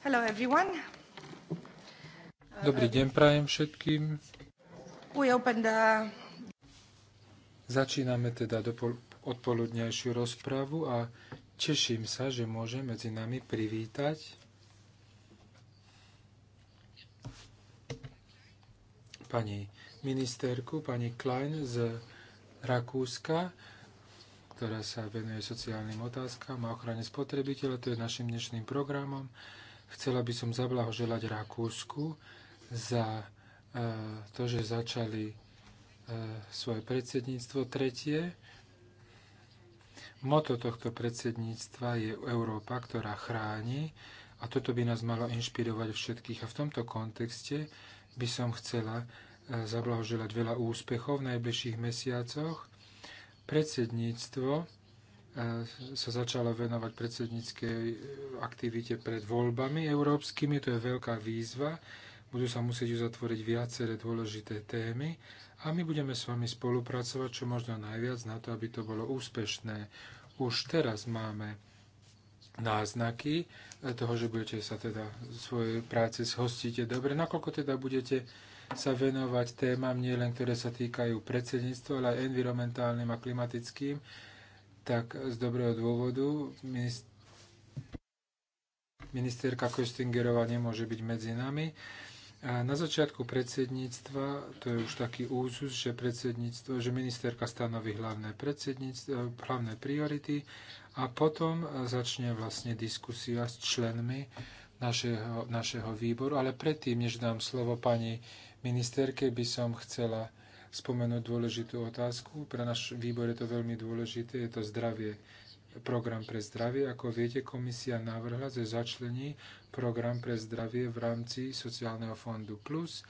Hello everyone. Dobrý deň prajem všetkým. We open the... Začíname teda dopol- odpoludnejšiu rozpravu a teším sa, že môžem medzi nami privítať pani ministerku, pani Klein z Rakúska, ktorá sa venuje sociálnym otázkam a ochrane spotrebiteľa. To je našim dnešným programom. Chcela by som zablahoželať Rakúsku za e, to, že začali e, svoje predsedníctvo tretie. Moto tohto predsedníctva je Európa, ktorá chráni a toto by nás malo inšpirovať všetkých. A v tomto kontexte by som chcela e, zablahoželať veľa úspechov v najbližších mesiacoch. Predsedníctvo sa začala venovať predsedníckej aktivite pred voľbami európskymi. To je veľká výzva. Budú sa musieť uzatvoriť viaceré dôležité témy a my budeme s vami spolupracovať čo možno najviac na to, aby to bolo úspešné. Už teraz máme náznaky toho, že budete sa teda svojej práce zhostíte dobre, nakoľko teda budete sa venovať témam nielen, ktoré sa týkajú predsedníctva, ale aj environmentálnym a klimatickým, tak z dobrého dôvodu ministerka Köstingerová nemôže byť medzi nami. A na začiatku predsedníctva, to je už taký úzus, že, predsedníctvo, že ministerka stanoví hlavné, hlavné priority a potom začne vlastne diskusia s členmi našeho, našeho výboru. Ale predtým, než dám slovo pani ministerke, by som chcela spomenúť dôležitú otázku. Pre náš výbor je to veľmi dôležité, je to zdravie program pre zdravie. Ako viete, komisia navrhla, že začlení program pre zdravie v rámci sociálneho fondu Plus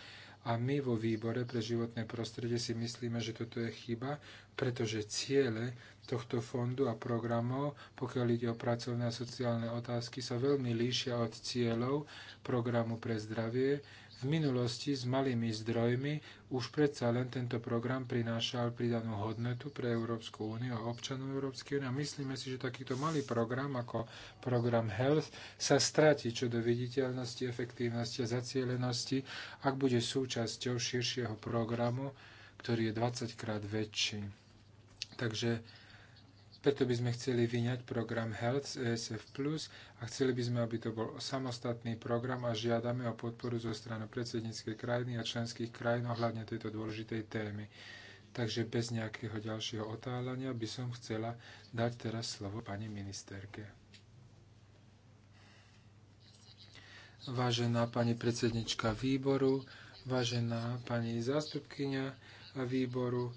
a my vo výbore pre životné prostredie si myslíme, že toto je chyba, pretože ciele tohto fondu a programov, pokiaľ ide o pracovné a sociálne otázky, sa veľmi líšia od cieľov programu pre zdravie, v minulosti s malými zdrojmi už predsa len tento program prinášal pridanú hodnotu pre Európsku úniu a občanov Európskej únie a myslíme si, že takýto malý program ako program Health sa stratí čo do viditeľnosti, efektívnosti a zacielenosti, ak bude súčasťou širšieho programu, ktorý je 20 krát väčší. Takže preto by sme chceli vyňať program Health z ESF+, a chceli by sme, aby to bol samostatný program a žiadame o podporu zo strany predsedníckej krajiny a členských krajín ohľadne tejto dôležitej témy. Takže bez nejakého ďalšieho otáľania by som chcela dať teraz slovo pani ministerke. Vážená pani predsednička výboru, vážená pani zástupkynia výboru,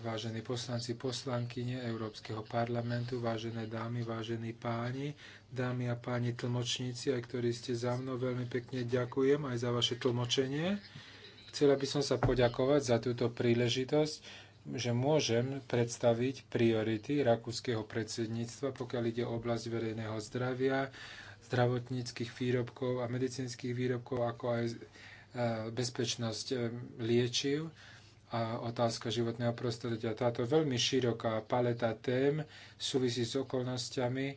vážení poslanci, poslankyne Európskeho parlamentu, vážené dámy, vážení páni, dámy a páni tlmočníci, aj ktorí ste za mnou, veľmi pekne ďakujem aj za vaše tlmočenie. Chcela by som sa poďakovať za túto príležitosť, že môžem predstaviť priority rakúskeho predsedníctva, pokiaľ ide o oblasť verejného zdravia, zdravotníckých výrobkov a medicínskych výrobkov, ako aj e, bezpečnosť e, liečiv a otázka životného prostredia. Táto veľmi široká paleta tém súvisí s okolnostiami,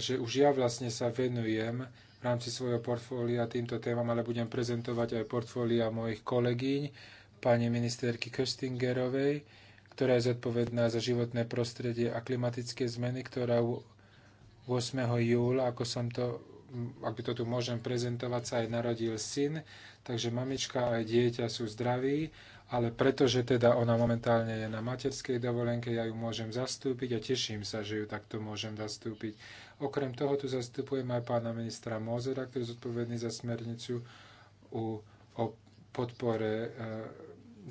že už ja vlastne sa venujem v rámci svojho portfólia týmto témam, ale budem prezentovať aj portfólia mojich kolegyň, pani ministerky Köstingerovej, ktorá je zodpovedná za životné prostredie a klimatické zmeny, ktorá 8. júla, ako som to ak to tu môžem prezentovať, sa aj narodil syn, takže mamička aj dieťa sú zdraví, ale pretože teda ona momentálne je na materskej dovolenke, ja ju môžem zastúpiť a teším sa, že ju takto môžem zastúpiť. Okrem toho tu zastupujem aj pána ministra Mozera, ktorý je zodpovedný za smernicu u, o podpore e,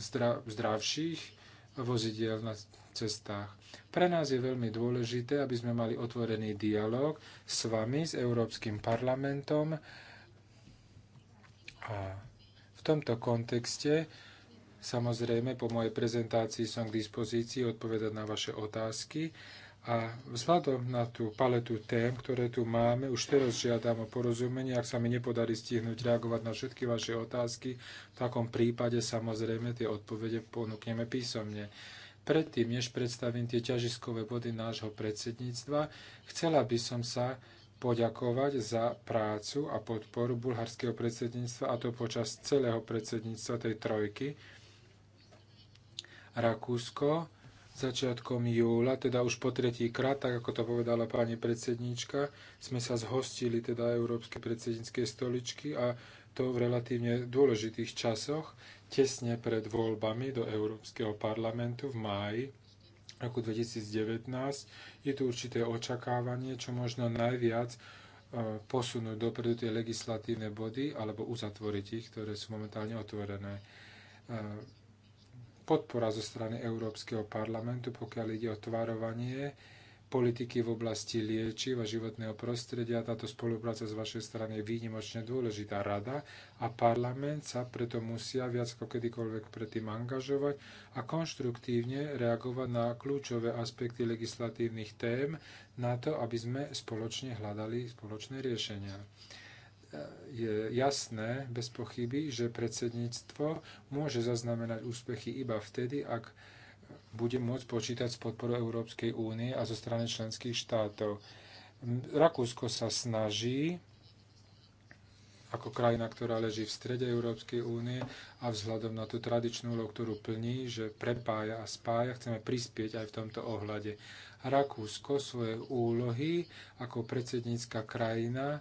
zdra, zdravších vozidiel na cestách. Pre nás je veľmi dôležité, aby sme mali otvorený dialog s vami, s Európskym parlamentom. A v tomto kontexte, samozrejme, po mojej prezentácii som k dispozícii odpovedať na vaše otázky. A vzhľadom na tú paletu tém, ktoré tu máme, už teraz žiadam o porozumenie, ak sa mi nepodarí stihnúť reagovať na všetky vaše otázky, v takom prípade samozrejme tie odpovede ponúkneme písomne. Predtým, než predstavím tie ťažiskové body nášho predsedníctva, chcela by som sa poďakovať za prácu a podporu bulharského predsedníctva, a to počas celého predsedníctva tej trojky. Rakúsko, začiatkom júla, teda už po tretí krát, tak ako to povedala pani predsedníčka, sme sa zhostili teda Európskej predsedníckej stoličky a to v relatívne dôležitých časoch, tesne pred voľbami do Európskeho parlamentu v máji roku 2019. Je tu určité očakávanie, čo možno najviac e, posunúť dopredu tie legislatívne body alebo uzatvoriť ich, ktoré sú momentálne otvorené e, podpora zo strany Európskeho parlamentu, pokiaľ ide o tvarovanie politiky v oblasti liečiv a životného prostredia. Táto spolupráca z vašej strany je výnimočne dôležitá. Rada a parlament sa preto musia viac ako kedykoľvek predtým angažovať a konštruktívne reagovať na kľúčové aspekty legislatívnych tém na to, aby sme spoločne hľadali spoločné riešenia je jasné, bez pochyby, že predsedníctvo môže zaznamenať úspechy iba vtedy, ak bude môcť počítať s podporou Európskej únie a zo strany členských štátov. Rakúsko sa snaží ako krajina, ktorá leží v strede Európskej únie a vzhľadom na tú tradičnú úlohu, ktorú plní, že prepája a spája, chceme prispieť aj v tomto ohľade. Rakúsko svoje úlohy ako predsednícka krajina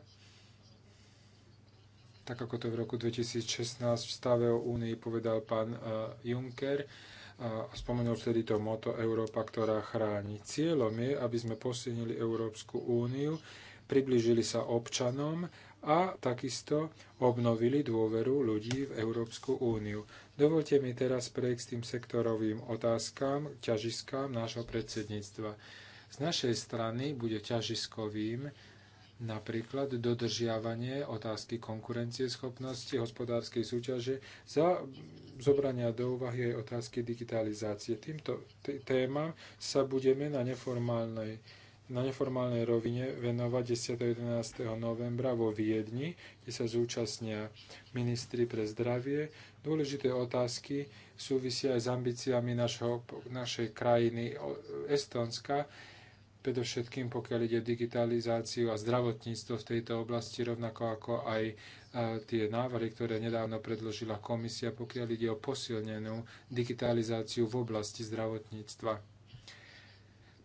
tak ako to v roku 2016 v stave o Únii povedal pán e, Juncker. E, a spomenul vtedy to moto Európa, ktorá chráni. Cieľom je, aby sme posilnili Európsku úniu, priblížili sa občanom a takisto obnovili dôveru ľudí v Európsku úniu. Dovolte mi teraz prejsť k tým sektorovým otázkám, ťažiskám nášho predsedníctva. Z našej strany bude ťažiskovým napríklad dodržiavanie otázky konkurencieschopnosti, hospodárskej súťaže za zobrania do úvahy aj otázky digitalizácie. Týmto témam sa budeme na neformálnej na neformálnej rovine venovať 10. 11. novembra vo Viedni, kde sa zúčastnia ministri pre zdravie. Dôležité otázky súvisia aj s ambíciami našho, našej krajiny Estonska, predovšetkým pokiaľ ide o digitalizáciu a zdravotníctvo v tejto oblasti, rovnako ako aj e, tie návrhy, ktoré nedávno predložila komisia, pokiaľ ide o posilnenú digitalizáciu v oblasti zdravotníctva.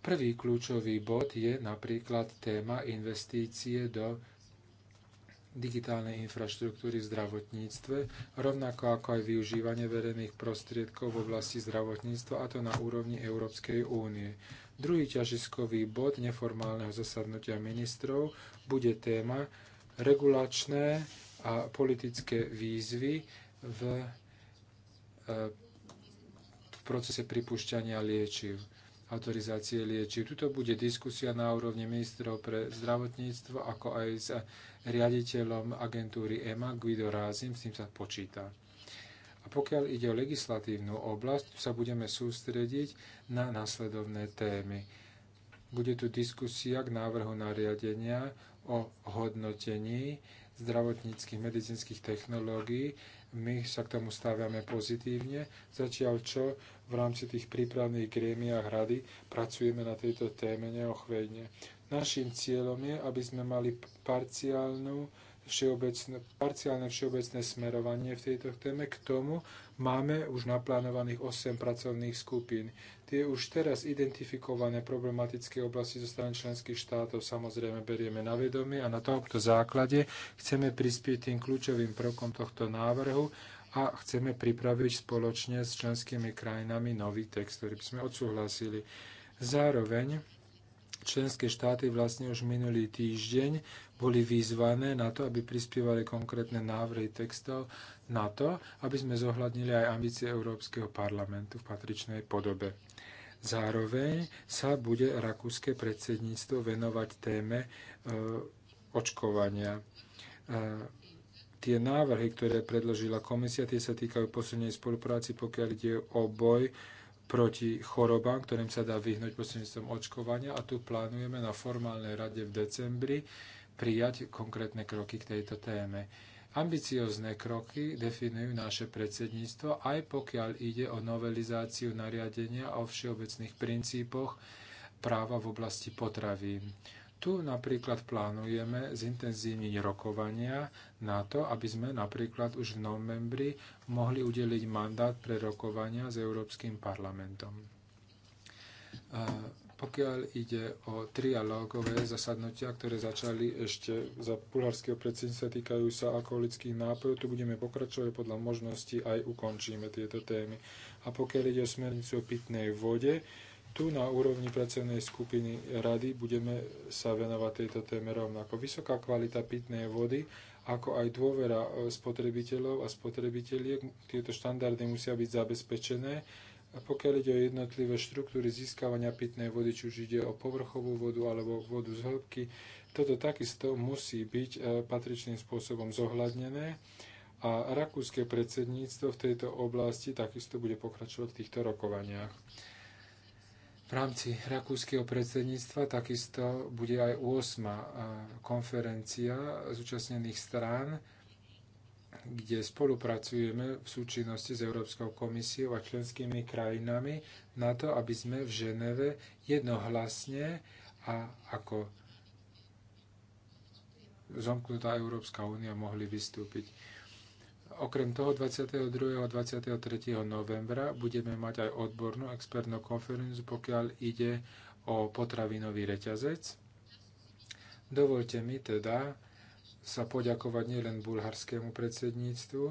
Prvý kľúčový bod je napríklad téma investície do digitálnej infraštruktúry v zdravotníctve, rovnako ako aj využívanie verejných prostriedkov v oblasti zdravotníctva, a to na úrovni Európskej únie. Druhý ťažiskový bod neformálneho zasadnutia ministrov bude téma regulačné a politické výzvy v, e, v procese pripúšťania liečiv autorizácie liečiv. Tuto bude diskusia na úrovni ministrov pre zdravotníctvo, ako aj s riaditeľom agentúry EMA, Guido Rázim, s tým sa počíta. A pokiaľ ide o legislatívnu oblasť, sa budeme sústrediť na nasledovné témy. Bude tu diskusia k návrhu nariadenia o hodnotení zdravotníckých medicínskych technológií. My sa k tomu stávame pozitívne, začiaľ čo v rámci tých prípravných grémiách rady pracujeme na tejto téme neochvejne. Naším cieľom je, aby sme mali parciálnu všeobecné, parciálne všeobecné smerovanie v tejto téme. K tomu máme už naplánovaných 8 pracovných skupín. Tie už teraz identifikované problematické oblasti zo strany členských štátov samozrejme berieme na vedomie a na tomto základe chceme prispieť tým kľúčovým prvkom tohto návrhu a chceme pripraviť spoločne s členskými krajinami nový text, ktorý by sme odsúhlasili. Zároveň členské štáty vlastne už minulý týždeň boli vyzvané na to, aby prispievali konkrétne návrhy textov na to, aby sme zohľadnili aj ambície Európskeho parlamentu v patričnej podobe. Zároveň sa bude rakúske predsedníctvo venovať téme e, očkovania. E, tie návrhy, ktoré predložila komisia, tie sa týkajú posilnej spolupráci, pokiaľ ide o boj proti chorobám, ktorým sa dá vyhnúť prostredníctvom očkovania a tu plánujeme na formálnej rade v decembri prijať konkrétne kroky k tejto téme. Ambiciozne kroky definujú naše predsedníctvo, aj pokiaľ ide o novelizáciu nariadenia o všeobecných princípoch práva v oblasti potravín. Tu napríklad plánujeme zintenzívniť rokovania na to, aby sme napríklad už v novembri mohli udeliť mandát pre rokovania s Európskym parlamentom. Pokiaľ ide o trialógové zasadnutia, ktoré začali ešte za bulharského predsednictva, týkajú sa alkoholických nápojov, tu budeme pokračovať podľa možností aj ukončíme tieto témy. A pokiaľ ide o smernicu o pitnej vode, tu na úrovni pracovnej skupiny rady budeme sa venovať tejto téme rovnako. Vysoká kvalita pitnej vody, ako aj dôvera e, spotrebiteľov a spotrebiteliek, tieto štandardy musia byť zabezpečené a pokiaľ ide o jednotlivé štruktúry získavania pitnej vody, či už ide o povrchovú vodu alebo vodu z hĺbky, toto takisto musí byť e, patričným spôsobom zohľadnené a rakúske predsedníctvo v tejto oblasti takisto bude pokračovať v týchto rokovaniach. V rámci rakúskeho predsedníctva takisto bude aj 8. E, konferencia zúčastnených strán kde spolupracujeme v súčinnosti s Európskou komisiou a členskými krajinami na to, aby sme v Ženeve jednohlasne a ako zomknutá Európska únia mohli vystúpiť. Okrem toho 22. a 23. novembra budeme mať aj odbornú expertnú konferenciu, pokiaľ ide o potravinový reťazec. Dovolte mi teda sa poďakovať nielen bulharskému predsedníctvu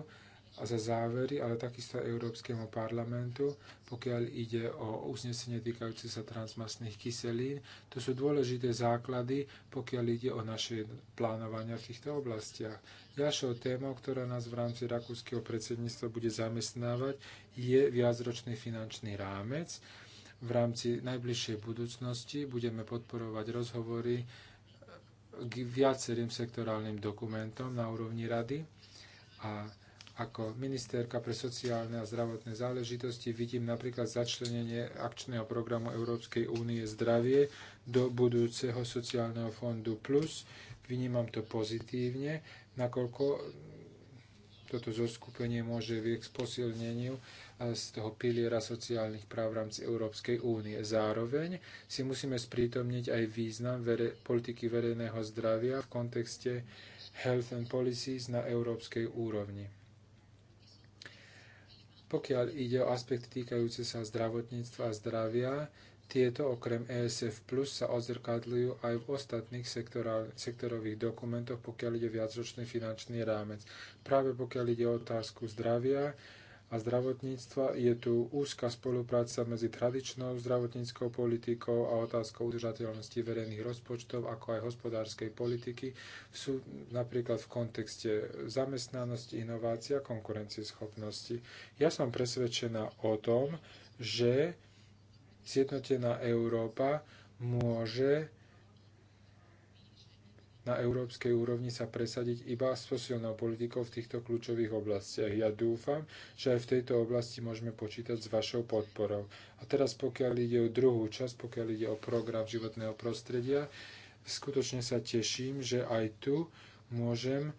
a za závery, ale takisto aj Európskemu parlamentu, pokiaľ ide o uznesenie týkajúce sa transmastných kyselín. To sú dôležité základy, pokiaľ ide o naše plánovania v týchto oblastiach. Ďalšou témou, ktorá nás v rámci rakúskeho predsedníctva bude zamestnávať, je viacročný finančný rámec. V rámci najbližšej budúcnosti budeme podporovať rozhovory k viacerým sektorálnym dokumentom na úrovni rady a ako ministerka pre sociálne a zdravotné záležitosti vidím napríklad začlenenie akčného programu Európskej únie zdravie do budúceho sociálneho fondu plus. Vnímam to pozitívne, nakoľko toto zoskupenie môže viesť k posilneniu e, z toho piliera sociálnych práv v rámci Európskej únie. Zároveň si musíme sprítomniť aj význam vere, politiky verejného zdravia v kontexte health and policies na európskej úrovni. Pokiaľ ide o aspekt týkajúce sa zdravotníctva a zdravia, tieto okrem ESF Plus sa odzrkadľujú aj v ostatných sektorových dokumentoch, pokiaľ ide viacročný finančný rámec. Práve pokiaľ ide o otázku zdravia, a zdravotníctva je tu úzka spolupráca medzi tradičnou zdravotníckou politikou a otázkou udržateľnosti verejných rozpočtov, ako aj hospodárskej politiky, sú napríklad v kontexte zamestnanosti, inovácia konkurencieschopnosti. Ja som presvedčená o tom, že zjednotená Európa môže na európskej úrovni sa presadiť iba s posilnou politikou v týchto kľúčových oblastiach. Ja dúfam, že aj v tejto oblasti môžeme počítať s vašou podporou. A teraz pokiaľ ide o druhú časť, pokiaľ ide o program životného prostredia, skutočne sa teším, že aj tu môžem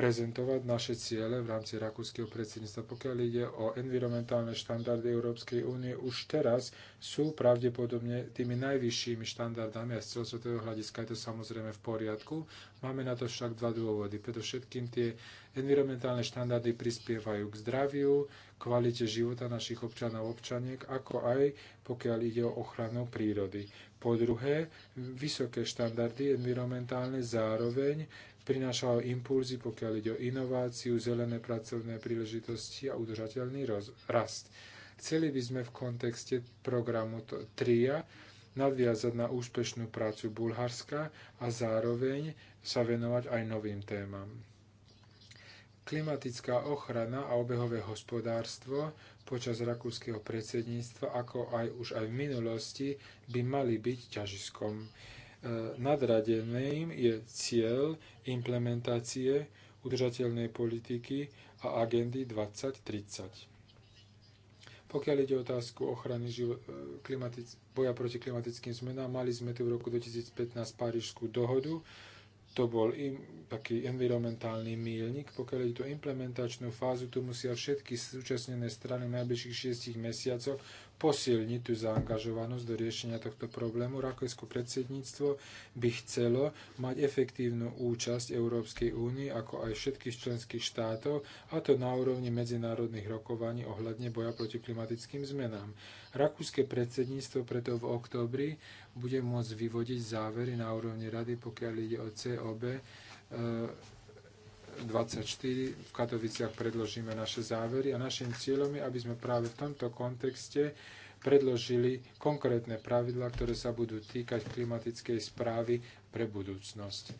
prezentovať naše ciele v rámci rakúskeho predsedníctva. Pokiaľ ide o environmentálne štandardy Európskej únie, už teraz sú pravdepodobne tými najvyššími štandardami a z celosvetového hľadiska je to samozrejme v poriadku. Máme na to však dva dôvody. všetkým tie environmentálne štandardy prispievajú k zdraviu, kvalite života našich občanov občaniek, ako aj pokiaľ ide o ochranu prírody. Po druhé, vysoké štandardy environmentálne zároveň prinášajú impulzy, pokiaľ ide o inováciu, zelené pracovné príležitosti a udržateľný rast. Chceli by sme v kontexte programu TRIA nadviazať na úspešnú prácu Bulharska a zároveň sa venovať aj novým témam. Klimatická ochrana a obehové hospodárstvo počas rakúskeho predsedníctva, ako aj už aj v minulosti, by mali byť ťažiskom Nadradeným je cieľ implementácie udržateľnej politiky a agendy 2030. Pokiaľ ide o otázku ochrany e, klimatic, boja proti klimatickým zmenám, mali sme tu v roku 2015 Parížskú dohodu. To bol im, taký environmentálny mílnik. Pokiaľ ide o implementačnú fázu, tu musia všetky súčasnené strany v najbližších 6 mesiacoch posilniť tú zaangažovanosť do riešenia tohto problému. Rakúsko predsedníctvo by chcelo mať efektívnu účasť Európskej únie, ako aj všetkých členských štátov, a to na úrovni medzinárodných rokovaní ohľadne boja proti klimatickým zmenám. Rakúske predsedníctvo preto v októbri bude môcť vyvodiť závery na úrovni rady, pokiaľ ide o COB, e 24 v Katoviciach predložíme naše závery a našim cieľom je, aby sme práve v tomto kontexte predložili konkrétne pravidlá, ktoré sa budú týkať klimatickej správy pre budúcnosť.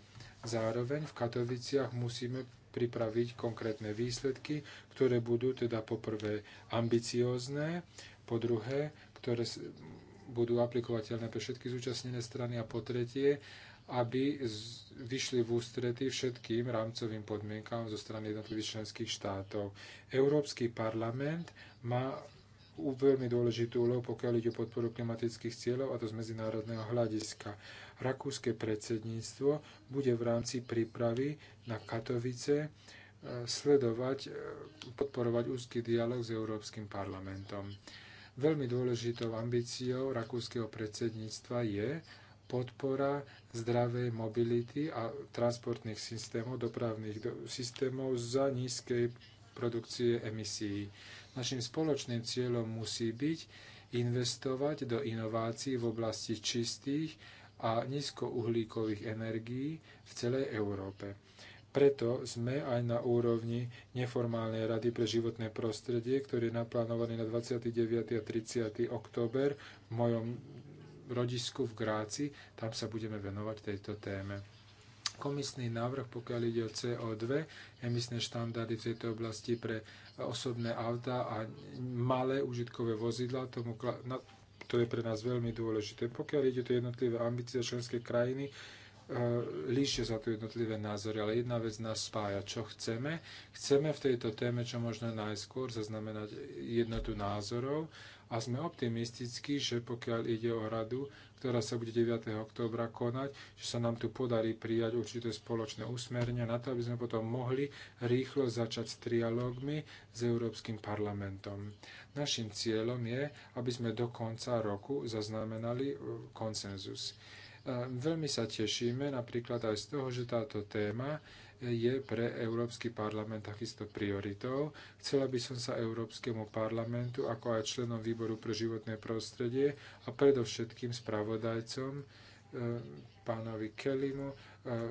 Zároveň v Katoviciach musíme pripraviť konkrétne výsledky, ktoré budú teda poprvé ambiciózne, po druhé, ktoré budú aplikovateľné pre všetky zúčastnené strany a po tretie, aby vyšli v ústrety všetkým rámcovým podmienkám zo strany jednotlivých členských štátov. Európsky parlament má veľmi dôležitú úlohu, pokiaľ ide o podporu klimatických cieľov, a to z medzinárodného hľadiska. Rakúske predsedníctvo bude v rámci prípravy na Katovice e, sledovať, e, podporovať úzky dialog s Európskym parlamentom. Veľmi dôležitou ambíciou rakúskeho predsedníctva je podpora zdravej mobility a transportných systémov, dopravných systémov za nízkej produkcie emisí. Našim spoločným cieľom musí byť investovať do inovácií v oblasti čistých a nízkouhlíkových energií v celej Európe. Preto sme aj na úrovni neformálnej rady pre životné prostredie, ktorý je naplánovaný na 29. a 30. október v mojom rodisku v Gráci, tam sa budeme venovať tejto téme. Komisný návrh, pokiaľ ide o CO2, emisné štandardy v tejto oblasti pre osobné auta a malé užitkové vozidla, tomu, to je pre nás veľmi dôležité. Pokiaľ ide o tie jednotlivé ambície členské krajiny, E, líšia sa tu jednotlivé názory, ale jedna vec nás spája, čo chceme. Chceme v tejto téme čo možno najskôr zaznamenať jednotu názorov a sme optimistickí, že pokiaľ ide o radu, ktorá sa bude 9. októbra konať, že sa nám tu podarí prijať určité spoločné úsmernia na to, aby sme potom mohli rýchlo začať s trialógmi s Európskym parlamentom. Našim cieľom je, aby sme do konca roku zaznamenali e, konsenzus. Veľmi sa tešíme napríklad aj z toho, že táto téma je pre Európsky parlament takisto prioritou. Chcela by som sa Európskemu parlamentu, ako aj členom výboru pre životné prostredie a predovšetkým spravodajcom e, pánovi Kellymu, e,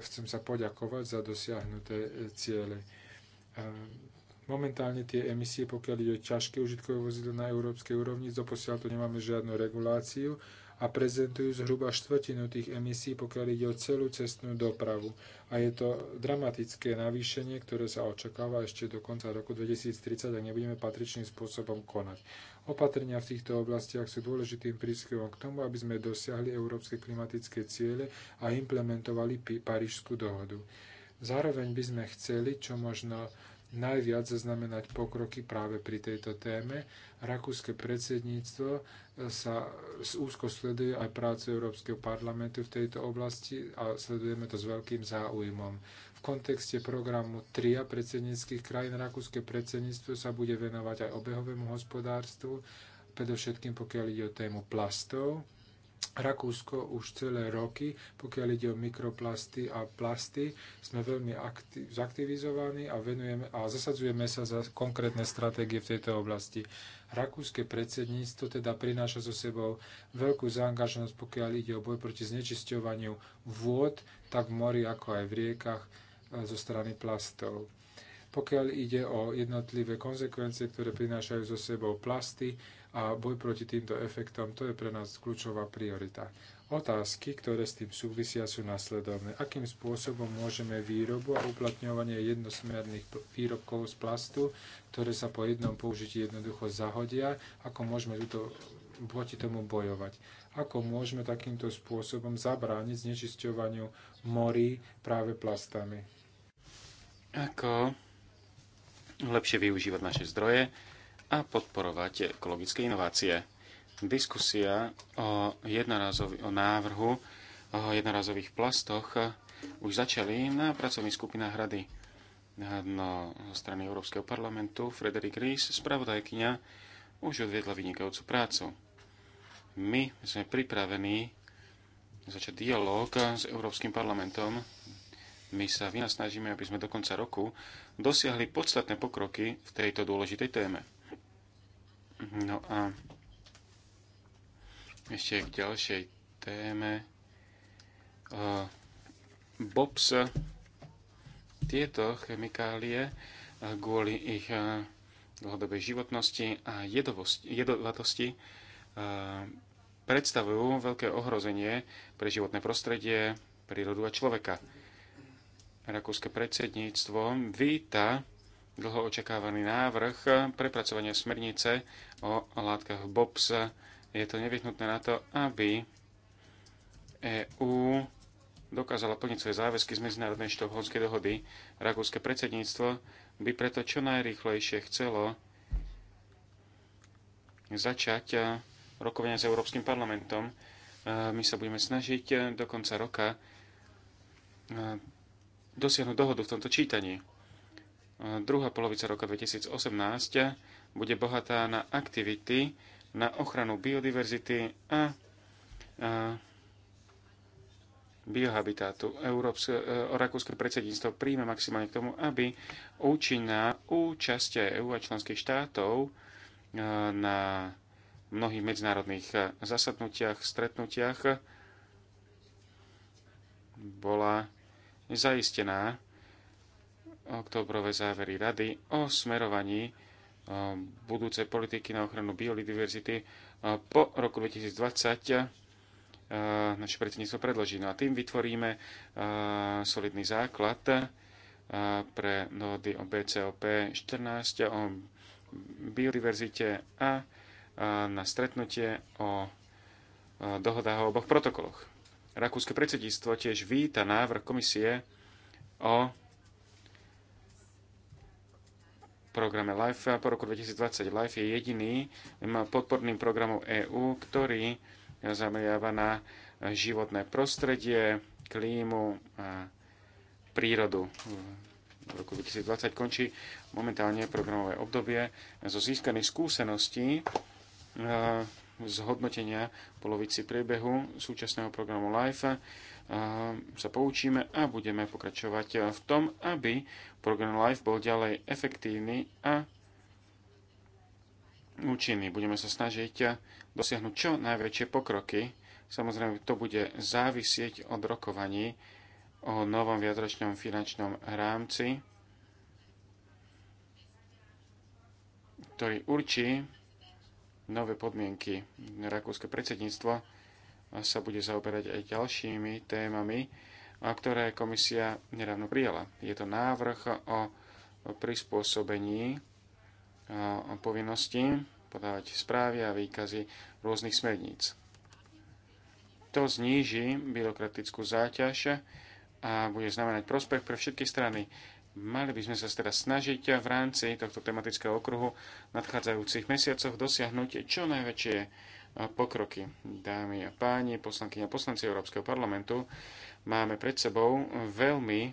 chcem sa poďakovať za dosiahnuté e, ciele. Momentálne tie emisie, pokiaľ ide o ťažké užitkové vozidlo na európskej úrovni, doposiaľ tu nemáme žiadnu reguláciu a prezentujú zhruba štvrtinu tých emisí, pokiaľ ide o celú cestnú dopravu. A je to dramatické navýšenie, ktoré sa očakáva ešte do konca roku 2030, ak nebudeme patričným spôsobom konať. Opatrenia v týchto oblastiach sú dôležitým príspevom k tomu, aby sme dosiahli európske klimatické ciele a implementovali Parížskú dohodu. Zároveň by sme chceli čo možno najviac zaznamenať pokroky práve pri tejto téme. Rakúske predsedníctvo e, sa úzko sleduje aj prácu Európskeho parlamentu v tejto oblasti a sledujeme to s veľkým záujmom. V kontexte programu TRIA predsedníckých krajín Rakúske predsedníctvo sa bude venovať aj obehovému hospodárstvu, predovšetkým pokiaľ ide o tému plastov Rakúsko už celé roky, pokiaľ ide o mikroplasty a plasty, sme veľmi zaktivizovaní a, venujeme, a zasadzujeme sa za konkrétne stratégie v tejto oblasti. Rakúske predsedníctvo teda prináša so sebou veľkú zaangažnosť, pokiaľ ide o boj proti znečisťovaniu vôd, tak v mori ako aj v riekach e, zo strany plastov. Pokiaľ ide o jednotlivé konsekvencie, ktoré prinášajú so sebou plasty, a boj proti týmto efektom, to je pre nás kľúčová priorita. Otázky, ktoré s tým súvisia, sú nasledovné. Akým spôsobom môžeme výrobu a uplatňovanie jednosmerných výrobkov z plastu, ktoré sa po jednom použití jednoducho zahodia, ako môžeme túto, proti tomu bojovať? Ako môžeme takýmto spôsobom zabrániť znečisťovaniu morí práve plastami? Ako lepšie využívať naše zdroje, a podporovať ekologické inovácie. Diskusia o, o návrhu o jednorazových plastoch už začali na pracovných skupinách Rady. No, zo strany Európskeho parlamentu Frederik Ries, spravodajkynia, už odviedla vynikajúcu prácu. My sme pripravení začať dialog s Európskym parlamentom. My sa vynasnažíme, aby sme do konca roku dosiahli podstatné pokroky v tejto dôležitej téme. No a ešte k ďalšej téme. Bobs, tieto chemikálie kvôli ich dlhodobej životnosti a jedovatosti predstavujú veľké ohrozenie pre životné prostredie, prírodu a človeka. Rakúske predsedníctvo víta dlho očakávaný návrh prepracovania smernice o látkach BOPS. Je to nevyhnutné na to, aby EÚ dokázala plniť svoje záväzky z medzinárodnej štokholmskej dohody. Rakúske predsedníctvo by preto čo najrýchlejšie chcelo začať rokovania s Európskym parlamentom. E, my sa budeme snažiť do konca roka e, dosiahnuť dohodu v tomto čítaní druhá polovica roka 2018 bude bohatá na aktivity na ochranu biodiverzity a, a biohabitátu. Európske, e, rakúske predsedníctvo príjme maximálne k tomu, aby účinná účasť EU a členských štátov e, na mnohých medzinárodných e, zasadnutiach, stretnutiach bola zaistená oktobrové závery rady o smerovaní e, budúcej politiky na ochranu biodiverzity e, po roku 2020 e, naše predsedníctvo predloží. No a tým vytvoríme solidný základ pre dohody o BCOP 14, o biodiverzite a na stretnutie o dohodách o oboch protokoloch. Rakúske predsedníctvo tiež víta návrh komisie o programe LIFE a po roku 2020 LIFE je jediný podporným programom EÚ, ktorý zameriava na životné prostredie, klímu a prírodu. V roku 2020 končí momentálne programové obdobie. Zo získaných skúseností zhodnotenia polovici priebehu súčasného programu LIFE sa poučíme a budeme pokračovať v tom, aby program Life bol ďalej efektívny a účinný. Budeme sa snažiť dosiahnuť čo najväčšie pokroky. Samozrejme, to bude závisieť od rokovaní o novom viacročnom finančnom rámci, ktorý určí nové podmienky. Rakúske predsedníctvo sa bude zaoberať aj ďalšími témami, ktoré komisia nedávno prijala. Je to návrh o prispôsobení povinnosti podávať správy a výkazy rôznych smerníc. To zníži byrokratickú záťaž a bude znamenať prospech pre všetky strany. Mali by sme sa teda snažiť v rámci tohto tematického okruhu v nadchádzajúcich mesiacoch dosiahnuť čo najväčšie pokroky. Dámy a páni, poslanky a poslanci Európskeho parlamentu, máme pred sebou veľmi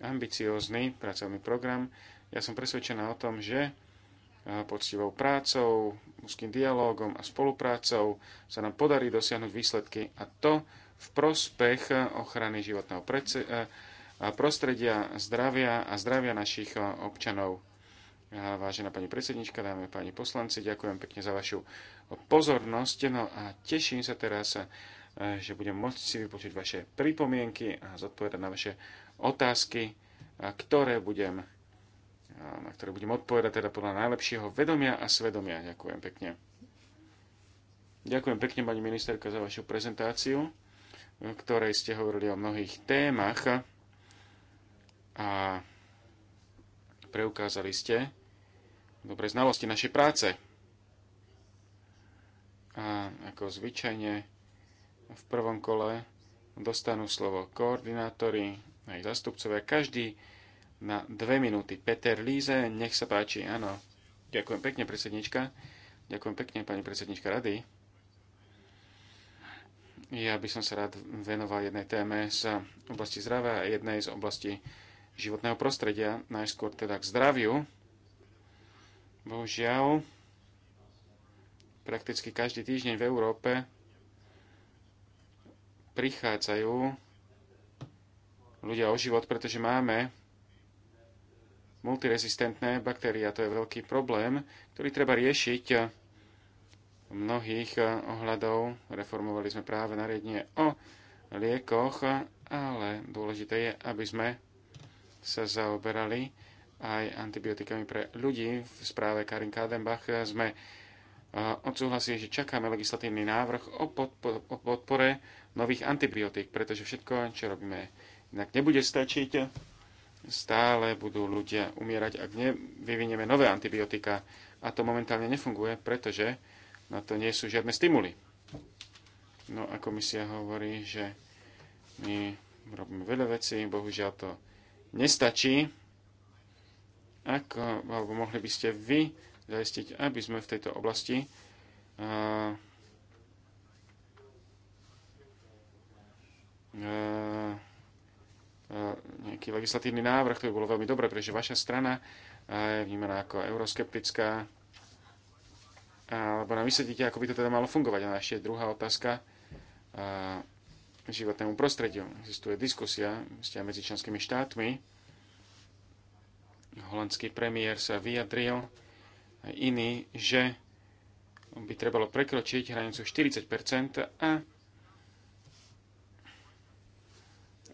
ambiciózny pracovný program. Ja som presvedčená o tom, že poctivou prácou, úzkým dialogom a spoluprácou sa nám podarí dosiahnuť výsledky a to v prospech ochrany životného prostredia, zdravia a zdravia našich občanov. Vážená pani predsednička, dámy a páni poslanci, ďakujem pekne za vašu pozornosť. No a teším sa teraz, eh, že budem môcť si vypočuť vaše pripomienky a zodpovedať na vaše otázky, ktoré budem, na ktoré budem odpovedať teda podľa najlepšieho vedomia a svedomia. Ďakujem pekne. Ďakujem pekne, pani ministerka, za vašu prezentáciu, v ktorej ste hovorili o mnohých témach a preukázali ste, Dobré znalosti našej práce. A ako zvyčajne v prvom kole dostanú slovo koordinátori, aj zastupcovia, každý na dve minúty. Peter Líze, nech sa páči, áno. Ďakujem pekne, predsednička. Ďakujem pekne, pani predsednička rady. Ja by som sa rád venoval jednej téme z oblasti zdravia a jednej z oblasti životného prostredia, najskôr teda k zdraviu. Bohužiaľ, prakticky každý týždeň v Európe prichádzajú ľudia o život, pretože máme multirezistentné baktérie a to je veľký problém, ktorý treba riešiť mnohých ohľadov. Reformovali sme práve nariadenie o liekoch, ale dôležité je, aby sme sa zaoberali aj antibiotikami pre ľudí. V správe Karin Kadenbach sme e, odsúhlasili, že čakáme legislatívny návrh o, podpo- o podpore nových antibiotík, pretože všetko, čo robíme, inak nebude stačiť. Stále budú ľudia umierať, ak nevyvinieme nové antibiotika. A to momentálne nefunguje, pretože na to nie sú žiadne stimuly. No a komisia hovorí, že my robíme veľa vecí, bohužiaľ to nestačí ako, alebo mohli by ste vy zaistiť, aby sme v tejto oblasti uh, uh, nejaký legislatívny návrh, to by bolo veľmi dobré, pretože vaša strana eh, je vnímaná ako euroskeptická, alebo nám vysvetlíte, ako by to teda malo fungovať. A ešte druhá otázka životnému prostrediu. Existuje diskusia medzi členskými štátmi, holandský premiér sa vyjadril, aj iný, že by trebalo prekročiť hranicu 40 a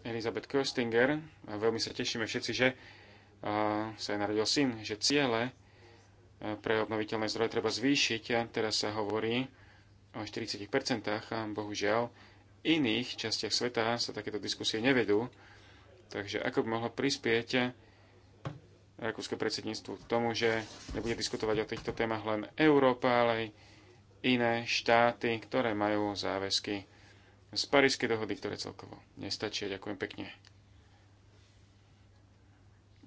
Elizabeth Köstinger, a veľmi sa tešíme všetci, že sa aj narodil syn, že ciele pre obnoviteľné zdroje treba zvýšiť a teraz sa hovorí o 40 a bohužiaľ v iných častiach sveta sa takéto diskusie nevedú, takže ako by mohlo prispieť rakúske predsedníctvu k tomu, že nebude diskutovať o týchto témach len Európa, ale aj iné štáty, ktoré majú záväzky z Parískej dohody, ktoré celkovo nestačia. Ďakujem pekne.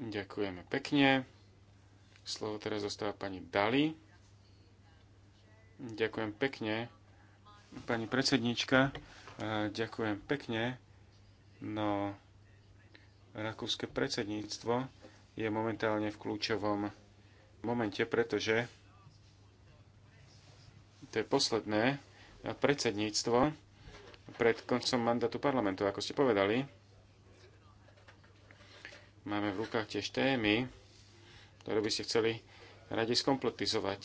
Ďakujeme pekne. Slovo teraz dostáva pani Dali. Ďakujem pekne. Pani predsednička, e, ďakujem pekne. No, rakúske predsedníctvo je momentálne v kľúčovom momente, pretože to je posledné predsedníctvo pred koncom mandátu parlamentu, ako ste povedali. Máme v rukách tiež témy, ktoré by ste chceli radi skompletizovať.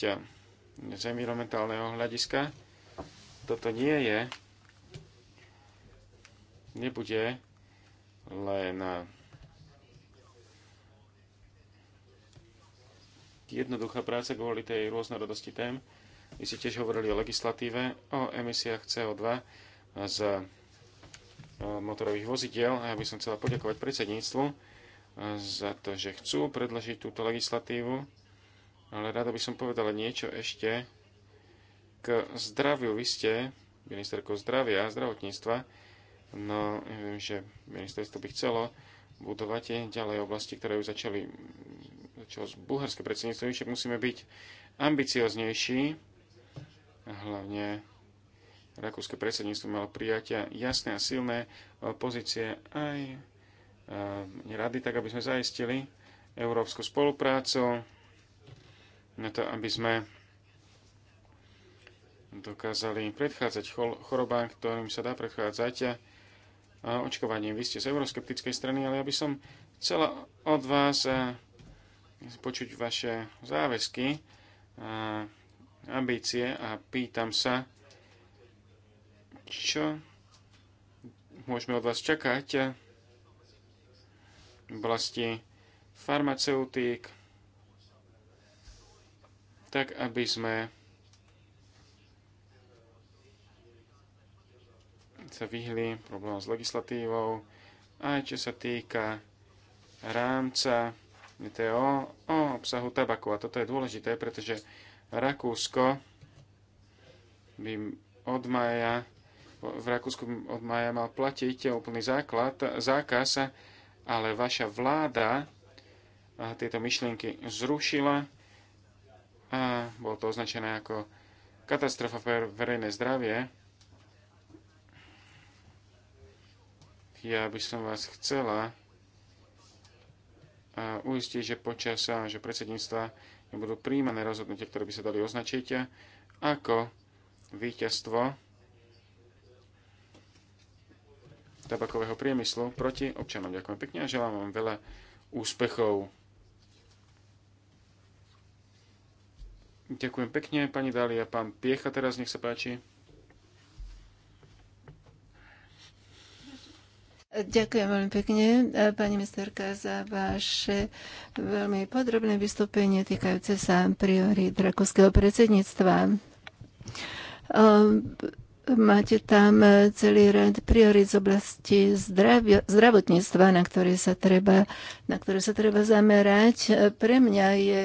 Z environmentálneho hľadiska toto nie je, nebude len jednoduchá práca kvôli tej rôznorodosti tém. Vy ste tiež hovorili o legislatíve, o emisiách CO2 z e, motorových vozidiel a ja by som chcela poďakovať predsedníctvu e, za to, že chcú predložiť túto legislatívu, ale rada by som povedala niečo ešte k zdraviu. Vy ste ministerkou zdravia a zdravotníctva, no ja viem, že ministerstvo by chcelo budovať ďalej oblasti, ktoré už začali čo z bulharské predsedníctvo, však musíme byť ambicioznejší. Hlavne rakúske predsedníctvo malo prijatia jasné a silné eh, pozície aj eh, rady, tak aby sme zaistili európsku spoluprácu, na to, aby sme dokázali predchádzať chorobám, ktorým sa dá predchádzať a eh, očkovaním. Vy ste z euroskeptickej strany, ale ja by som chcela od vás počuť vaše záväzky, a ambície a pýtam sa, čo môžeme od vás čakať v oblasti farmaceutík, tak aby sme sa vyhli problémom s legislatívou, aj čo sa týka rámca o, o obsahu tabaku. A toto je dôležité, pretože Rakúsko by od maja, v Rakúsku od maja mal platiť úplný základ, zákaz, ale vaša vláda tieto myšlienky zrušila a bolo to označené ako katastrofa pre verejné zdravie. Ja by som vás chcela a uistiť, že počas že predsedníctva nebudú príjmané rozhodnutia, ktoré by sa dali označiť ako víťazstvo tabakového priemyslu proti občanom. Ďakujem pekne a želám vám veľa úspechov. Ďakujem pekne, pani Dália, pán Piecha teraz, nech sa páči. Ďakujem veľmi pekne, e, pani ministerka, za vaše veľmi podrobné vystúpenie týkajúce sa priory rakúskeho predsedníctva. Um, Máte tam e, celý rad priorit z oblasti zdravio, zdravotníctva, na ktoré, sa treba, na ktoré sa treba zamerať. E, pre mňa je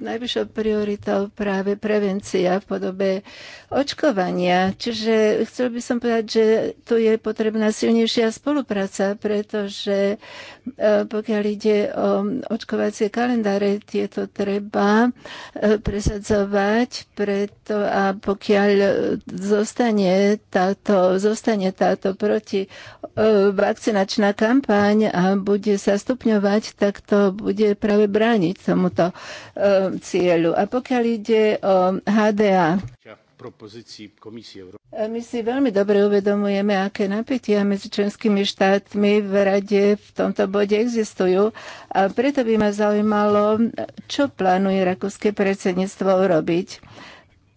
najvyššou prioritou práve prevencia v podobe očkovania. Čiže chcel by som povedať, že tu je potrebná silnejšia spolupráca, pretože e, pokiaľ ide o očkovacie kalendáre, tieto treba presadzovať, preto a pokiaľ zostane zostane táto, zostane táto proti vakcinačná kampaň a bude sa stupňovať, tak to bude práve brániť tomuto e, cieľu. A pokiaľ ide o HDA, e, My si veľmi dobre uvedomujeme, aké napätia medzi členskými štátmi v rade v tomto bode existujú a preto by ma zaujímalo, čo plánuje rakúske predsedníctvo urobiť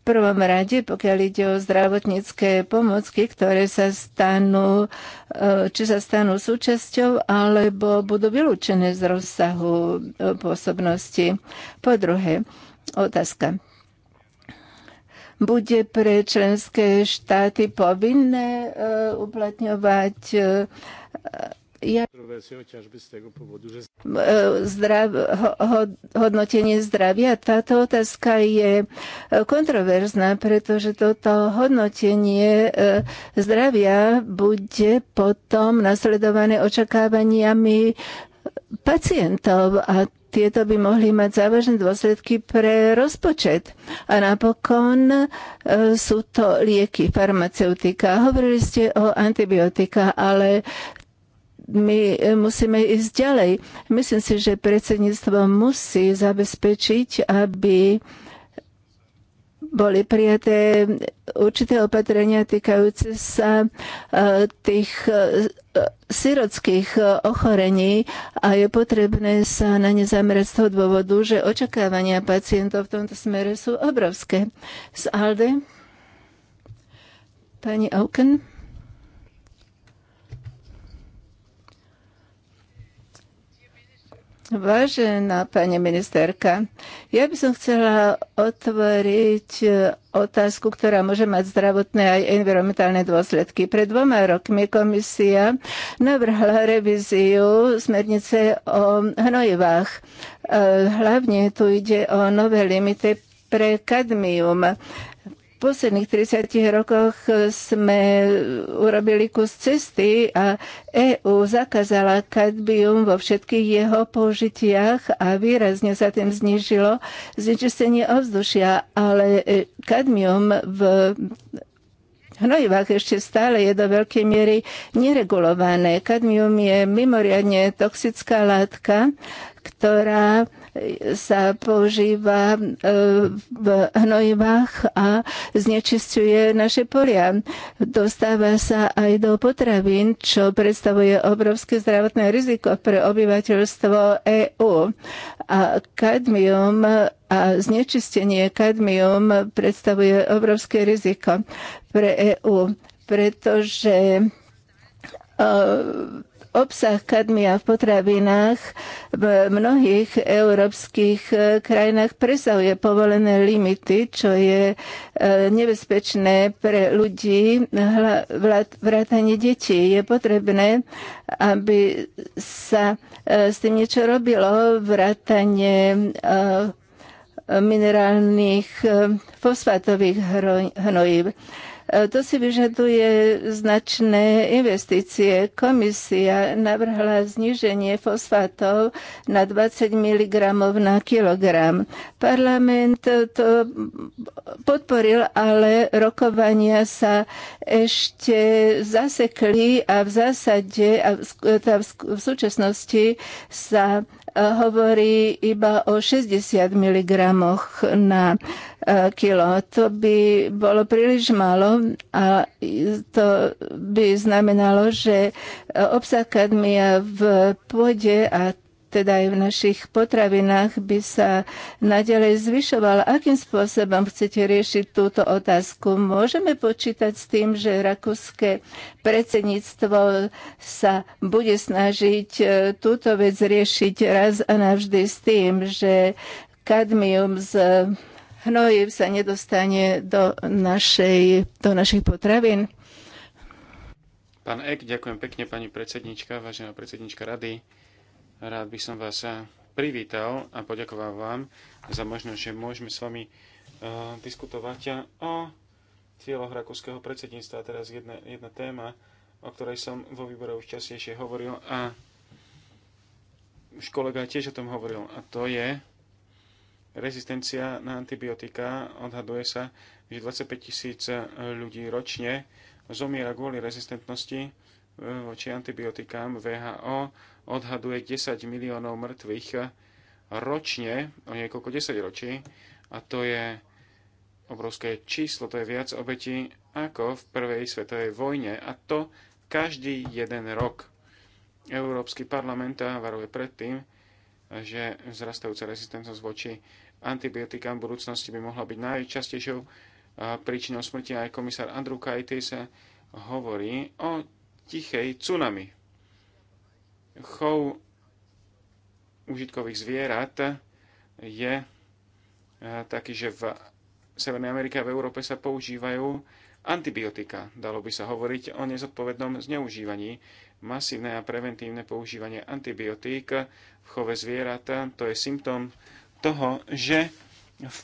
prvom rade, pokiaľ ide o zdravotnícke pomocky, ktoré sa stanú, e, či sa stanú súčasťou, alebo budú vylúčené z rozsahu e, pôsobnosti. Po druhé, otázka. Bude pre členské štáty povinné e, uplatňovať ja, zdrav, hodnotenie zdravia. Táto otázka je e, kontroverzná, pretože toto hodnotenie e, zdravia bude potom nasledované očakávaniami e, pacientov a tieto by mohli mať závažné dôsledky pre rozpočet. A napokon sú to lieky, farmaceutika. Hovorili ste o antibiotika, ale my e, musíme ísť ďalej. Myslím si, že predsedníctvo musí zabezpečiť, aby boli prijaté určité opatrenia týkajúce sa e, tých e, syrockých ochorení a je potrebné sa na ne zamerať z toho dôvodu, že očakávania pacientov v tomto smere sú obrovské. Z Alde? Pani Auken? Vážená pani ministerka, ja by som chcela otvoriť e, otázku, ktorá môže mať zdravotné aj environmentálne dôsledky. Pred dvoma rokmi komisia navrhla revíziu smernice o hnojivách. E, hlavne tu ide o nové limity pre kadmium posledných 30 rokoch sme urobili kus cesty a EÚ zakázala kadmium vo všetkých jeho použitiach a výrazne sa tým znižilo znečistenie ovzdušia, ale e, kadmium v hnojivách ešte stále je do veľkej miery neregulované. Kadmium je mimoriadne toxická látka, ktorá sa používa e, v hnojivách a znečisťuje naše polia. Dostáva sa aj do potravín, čo predstavuje obrovské zdravotné riziko pre obyvateľstvo EÚ. A kadmium a znečistenie kadmium predstavuje obrovské riziko pre EÚ, pretože uh, obsah kadmia v potravinách v mnohých európskych e, krajinách presahuje povolené limity, čo je e, nebezpečné pre ľudí, vrátanie detí. Je potrebné, aby sa e, s tým niečo robilo, vrátanie minerálnych fosfátových hnojív. E, to si vyžaduje značné investície. Komisia navrhla zníženie fosfátov na 20 mg na kilogram. Parlament to podporil, ale rokovania sa ešte zasekli a v zásade a v, teda v súčasnosti sa hovorí iba o 60 mg na e, kilo. To by bolo príliš málo a to by znamenalo, že obsah kadmia v pôde a teda aj v našich potravinách by sa nadalej zvyšoval. Akým spôsobom chcete riešiť túto otázku? Môžeme počítať s tým, že rakúske predsedníctvo sa bude snažiť e, túto vec riešiť raz a navždy s tým, že kadmium z hnojiv sa nedostane do, našej, do našich potravín. Pán Ek, ďakujem pekne, pani predsednička, vážená predsednička rady. Rád by som vás eh, privítal a poďakoval vám za možnosť, že môžeme s vami uh, diskutovať eh, o cieľoch rakúskeho predsedníctva. Teraz jedna, jedna téma, o ktorej som vo výbore už častejšie hovoril a už kolega tiež o tom hovoril. A to je rezistencia na antibiotika. Odhaduje sa, že 25 tisíc ľudí ročne zomiera kvôli rezistentnosti voči antibiotikám. VHO odhaduje 10 miliónov mŕtvych ročne, o niekoľko ročí, a to je obrovské číslo, to je viac obetí ako v prvej svetovej vojne, a to každý jeden rok. Európsky parlament varuje pred tým, že vzrastajúca rezistentnosť voči antibiotikám v budúcnosti by mohla byť najčastejšou príčinou smrti. Aj komisár Andrew sa hovorí o tichej tsunami chov užitkových zvierat je eh, taký, že v Severnej Amerike a v Európe sa používajú antibiotika. Dalo by sa hovoriť o nezodpovednom zneužívaní. Masívne a preventívne používanie antibiotík v chove zvierat to je symptóm toho, že v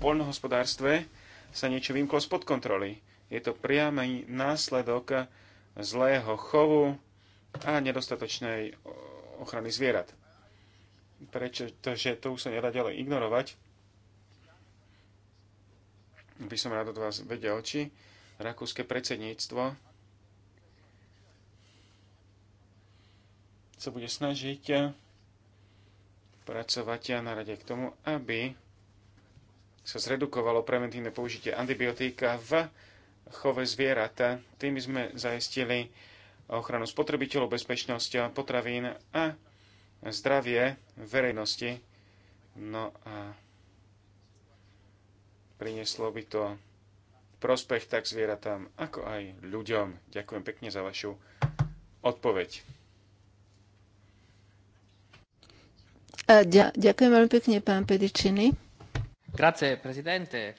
poľnohospodárstve sa niečo vymklo spod kontroly. Je to priamy následok zlého chovu, a nedostatočnej ochrany zvierat. Prečo? že to už sa nedá ďalej ignorovať. By som rád od vás vedel, či rakúske predsedníctvo sa bude snažiť pracovať na rade k tomu, aby sa zredukovalo preventívne použitie antibiotíka v chove zvierat. Tým sme zaistili ochranu spotrebiteľov, bezpečnosť potravín a zdravie verejnosti. No a prinieslo by to prospech tak zvieratám, ako aj ľuďom. Ďakujem pekne za vašu odpoveď. E, ďakujem veľmi pekne, pán Pedičiny. Grazie, presidente.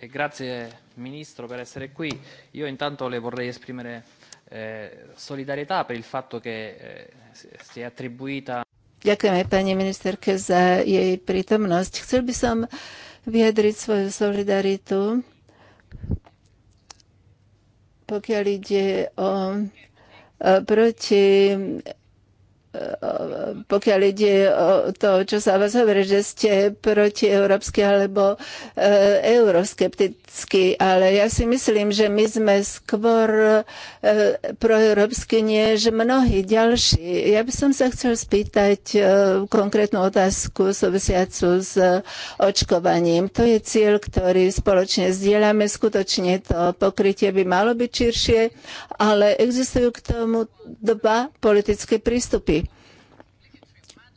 E grazie, ministro, per essere qui. Io intanto le vorrei esprimere eh, solidarietà per il fatto che eh, si è attribuita. Ďakujeme pani ministerke za jej prítomnosť. Chcel by som vyjadriť svoju solidaritu, pokiaľ ide o eh, proti pokiaľ ide o to, čo sa vás hovorí, že ste proti európsky alebo e, euroskepticky, ale ja si myslím, že my sme skôr e, proeurópsky než mnohí ďalší. Ja by som sa chcel spýtať e, konkrétnu otázku súvisiacu s očkovaním. To je cieľ, ktorý spoločne zdieľame. Skutočne to pokrytie by malo byť širšie, ale existujú k tomu dva politické prístupy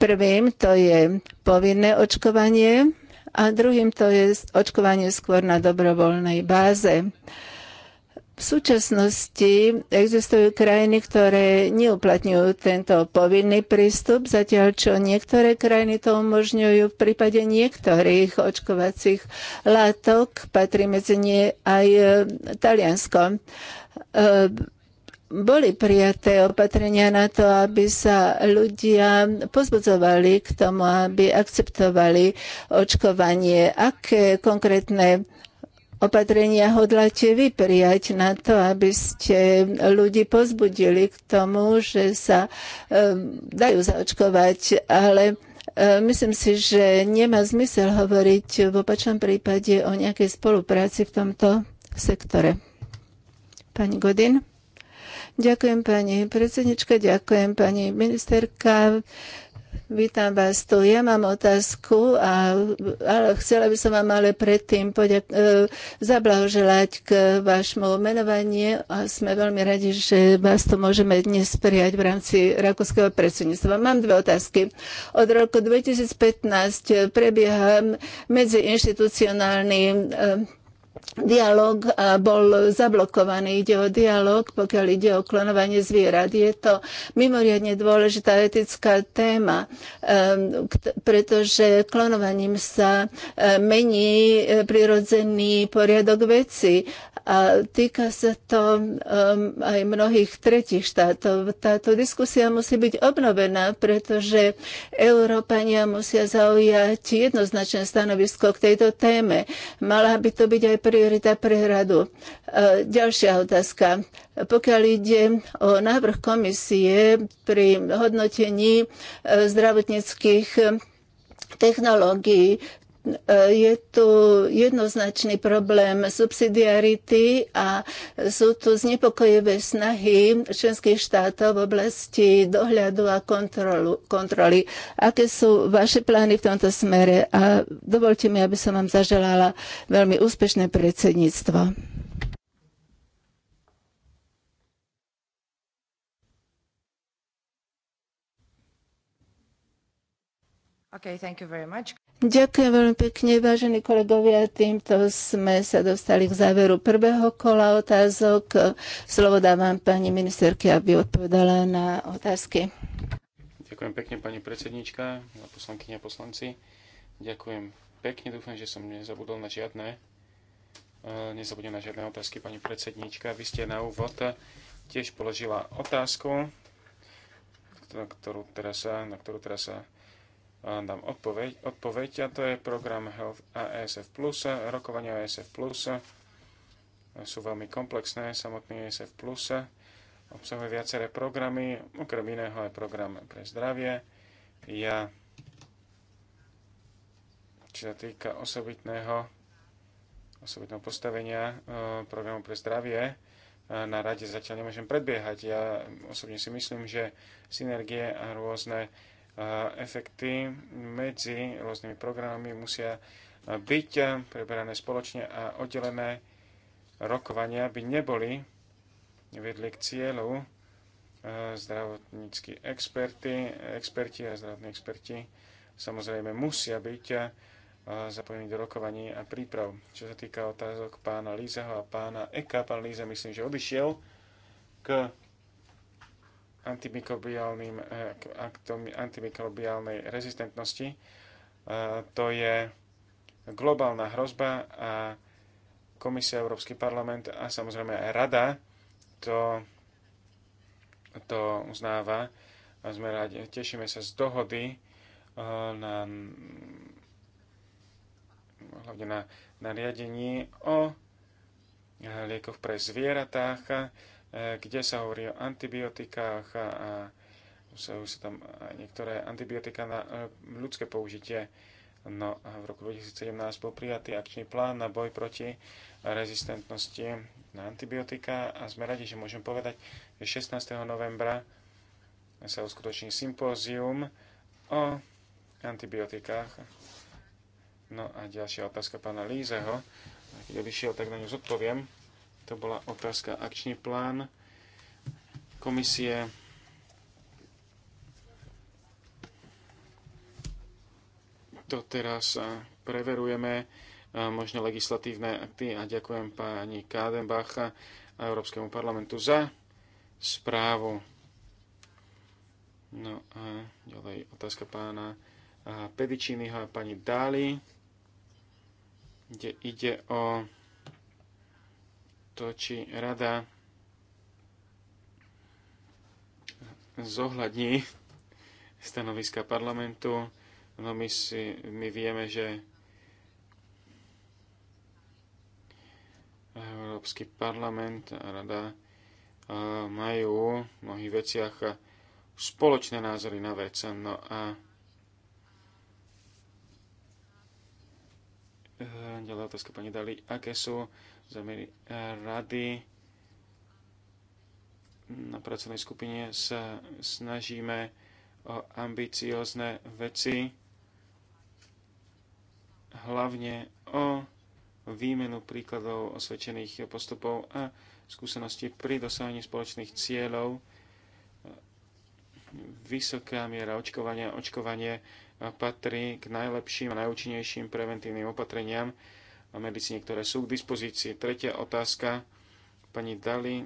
Prvým to je povinné očkovanie a druhým to je očkovanie skôr na dobrovoľnej báze. V súčasnosti existujú krajiny, ktoré neuplatňujú tento povinný prístup, zatiaľ čo niektoré krajiny to umožňujú v prípade niektorých očkovacích látok, patrí medzi nie aj Taliansko boli prijaté opatrenia na to, aby sa ľudia pozbudzovali k tomu, aby akceptovali očkovanie. Aké konkrétne opatrenia hodláte vy prijať na to, aby ste ľudí pozbudili k tomu, že sa e, dajú zaočkovať, ale ehm, myslím si, že nemá zmysel hovoriť v opačnom prípade o nejakej spolupráci v tomto sektore. Pani Godin? Ďakujem pani predsednička, ďakujem pani ministerka. Vítam vás tu. Ja mám otázku, a, ale chcela by som vám ale predtým poďak- e, zablahoželať k vášmu menovaniu a sme veľmi radi, že vás tu môžeme dnes prijať v rámci rakúskeho predsedníctva. Mám dve otázky. Od roku 2015 prebieha medziinstitucionálny e, dialog bol zablokovaný. Ide o dialog, pokiaľ ide o klonovanie zvierat. Je to mimoriadne dôležitá etická téma, ehm, pretože klonovaním sa ehm, mení e, prirodzený poriadok veci a týka sa to um, aj mnohých tretich štátov. Táto diskusia musí byť obnovená, pretože Európania musia zaujať jednoznačné stanovisko k tejto téme. Mala by to byť aj priorita pre radu. E, ďalšia otázka. Pokiaľ ide o návrh komisie pri hodnotení e, zdravotníckých technológií je tu jednoznačný problém subsidiarity a sú tu znepokojivé snahy členských štátov v oblasti dohľadu a kontrolu, kontroly. Aké sú vaše plány v tomto smere? A dovolte mi, aby som vám zaželala veľmi úspešné predsedníctvo. Okay, thank you very much. Ďakujem veľmi pekne, vážení kolegovia. Týmto sme sa dostali k záveru prvého kola otázok. Slovo dávam pani ministerke, aby odpovedala na otázky. Ďakujem pekne, pani predsednička, poslankyňa poslanci. Ďakujem pekne, dúfam, že som nezabudol na žiadne. E, Nezabudnem na žiadne otázky, pani predsednička. Vy ste na úvod tiež položila otázku, na ktorú teraz sa, na ktorú teraz sa dám odpoveď, odpoveď a to je program Health ASF+, Plus, Rokovania Plus, sú veľmi komplexné, samotný plus, obsahuje viaceré programy, okrem iného aj program pre zdravie. Ja, čo sa týka osobitného, osobitného postavenia e, programu pre zdravie, e, na rade zatiaľ nemôžem predbiehať. Ja osobne si myslím, že synergie a rôzne efekty medzi rôznymi programami musia byť preberané spoločne a oddelené rokovania by neboli vedli k cieľu e, zdravotníckí experty, experti a zdravotní experti samozrejme musia byť e, zapojení do rokovaní a príprav. Čo sa týka otázok pána Lízeho a pána Eka, pán Líze myslím, že odišiel k antimikrobiálnym, eh, aktom antimikrobiálnej rezistentnosti. Eh, to je globálna hrozba a Komisia, Európsky parlament a samozrejme aj Rada to, to uznáva. A sme radi, tešíme sa z dohody eh, na, hlavne na, na riadení o liekoch pre zvieratách E, kde sa hovorí o antibiotikách a sú sa tam aj niektoré antibiotika na e, ľudské použitie. No a v roku 2017 bol prijatý akčný plán na boj proti rezistentnosti na antibiotika a sme radi, že môžem povedať, že 16. novembra sa uskutoční sympózium o antibiotikách. No a ďalšia otázka pána Lízeho. Keď odišiel, tak na ňu zodpoviem. To bola otázka akčný plán komisie. To teraz eh, preverujeme eh, možno legislatívne akty a ďakujem pani Kádenbacha a eh, Európskemu parlamentu za správu. No a ďalej otázka pána Pedičínyho a pani Dáli, kde ide o to, či rada zohľadní stanoviska parlamentu. No my, si, my vieme, že Európsky parlament a rada e, majú v mnohých veciach spoločné názory na vec. No a e, ďalej otázka pani Dali, aké sú rady na pracovnej skupine sa snažíme o ambiciózne veci, hlavne o výmenu príkladov osvedčených postupov a skúseností pri dosahovaní spoločných cieľov, vysoká miera očkovania. Očkovanie patrí k najlepším a najúčinnejším preventívnym opatreniam, a medicíne, ktoré sú k dispozícii. Tretia otázka, pani Dali,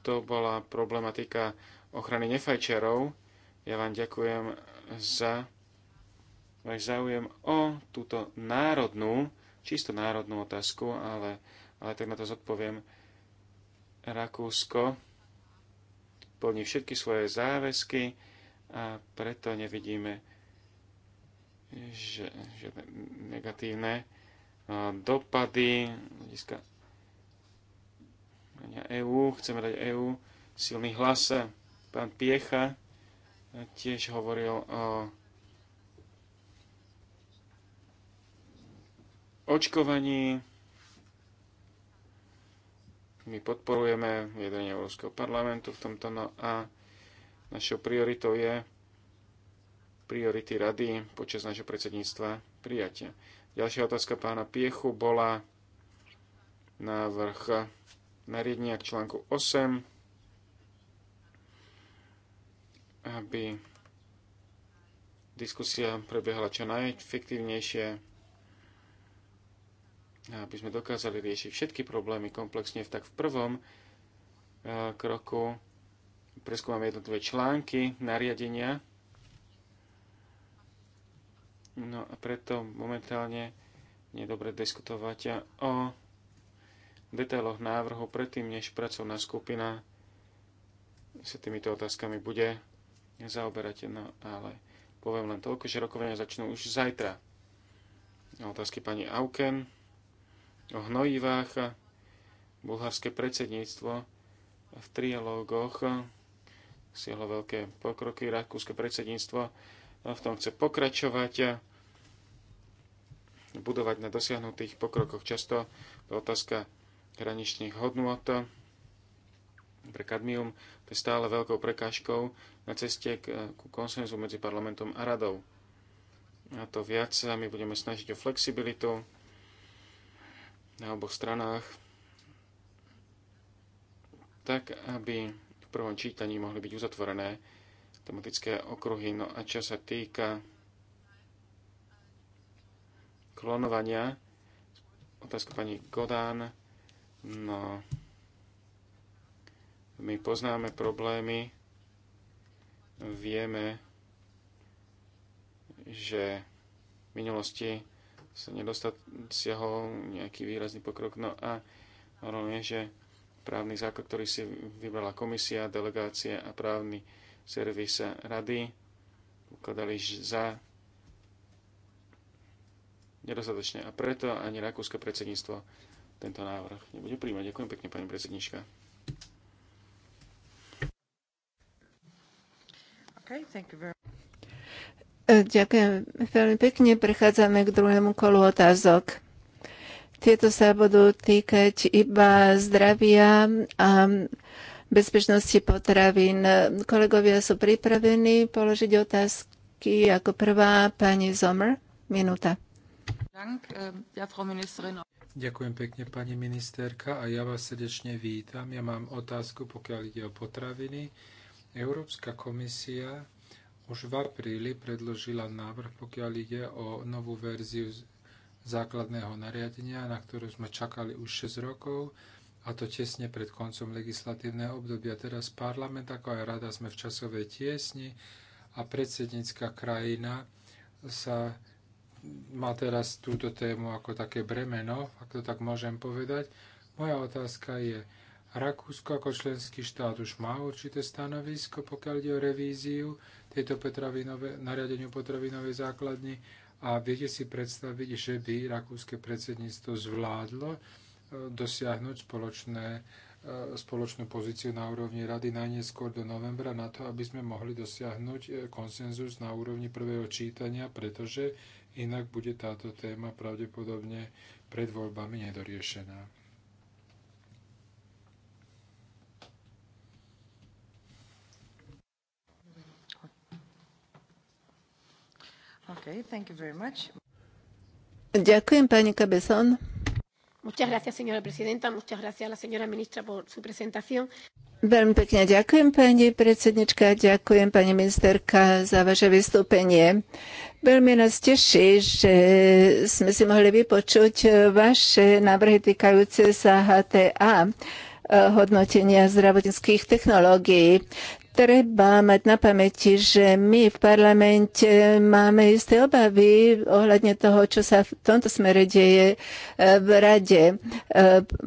to bola problematika ochrany nefajčiarov. Ja vám ďakujem za váš záujem o túto národnú, čisto národnú otázku, ale, ale tak na to zodpoviem. Rakúsko plní všetky svoje záväzky a preto nevidíme že, že negatívne dopady hľadiska EÚ, e chceme dať EÚ silný hlas. Pán Piecha tiež hovoril o očkovaní. My podporujeme vedenie Európskeho parlamentu v tomto no a našou prioritou je priority rady počas našho predsedníctva prijatia. Ďalšia otázka pána Piechu bola návrh nariadenia k článku 8, aby diskusia prebiehala čo najefektívnejšie, aby sme dokázali riešiť všetky problémy komplexne, tak v prvom eh, kroku preskúmame jednotlivé články nariadenia, No a preto momentálne nie je dobre diskutovať o detailoch návrhu predtým, než pracovná skupina sa týmito otázkami bude zaoberať. No ale poviem len toľko, že rokovania začnú už zajtra. Otázky pani Auken o hnojivách. Bulharské predsedníctvo v trialógoch siahlo veľké pokroky. Rakúske predsedníctvo v tom chce pokračovať, budovať na dosiahnutých pokrokoch. Často to otázka hraničných hodnot pre kadmium, to je stále veľkou prekážkou na ceste k, konsenzu medzi parlamentom a radou. A to viac sa my budeme snažiť o flexibilitu na oboch stranách, tak aby v prvom čítaní mohli byť uzatvorené tematické okruhy. No a čo sa týka klonovania, otázka pani Godán, no my poznáme problémy, vieme, že v minulosti sa nedosiahol nejaký výrazný pokrok. No a hlavne, že právny základ, ktorý si vybrala komisia, delegácia a právny servis rady ukladali za nedostatočne. a preto ani rakúske predsedníctvo tento návrh nebude príjmať. Ďakujem pekne, pani predsednička. Okay, thank you very e, Ďakujem veľmi pekne. Prechádzame k druhému kolu otázok. Tieto sa budú týkať iba zdravia a bezpečnosti potravín. Kolegovia sú pripravení položiť otázky. Ako prvá pani Zomer, minúta. Eh, Ďakujem pekne, pani ministerka, a ja vás srdečne vítam. Ja mám otázku, pokiaľ ide o potraviny. Európska komisia už v apríli predložila návrh, pokiaľ ide o novú verziu základného nariadenia, na ktorú sme čakali už 6 rokov a to tesne pred koncom legislatívneho obdobia. Teraz parlament ako aj rada sme v časovej tiesni a predsednícka krajina sa má teraz túto tému ako také bremeno, ak to tak môžem povedať. Moja otázka je, Rakúsko ako členský štát už má určité stanovisko, pokiaľ ide o revíziu tejto potravinové, nariadeniu potravinovej základni a viete si predstaviť, že by rakúske predsedníctvo zvládlo dosiahnuť spoločné, e, spoločnú pozíciu na úrovni rady najneskôr do novembra na to, aby sme mohli dosiahnuť e, konsenzus na úrovni prvého čítania, pretože inak bude táto téma pravdepodobne pred voľbami nedoriešená. Okay, Ďakujem, pani Kabeson. Muchas gracias, señora presidenta. Muchas gracias a la señora ministra por su presentación. Veľmi pekne ďakujem, pani predsednička, ďakujem, pani ministerka, za vaše vystúpenie. Veľmi nás teší, že sme si mohli vypočuť vaše návrhy týkajúce sa HTA eh, hodnotenia zdravotníckých technológií treba mať na pamäti, že my v parlamente máme isté obavy ohľadne toho, čo sa v tomto smere deje e, v rade. E,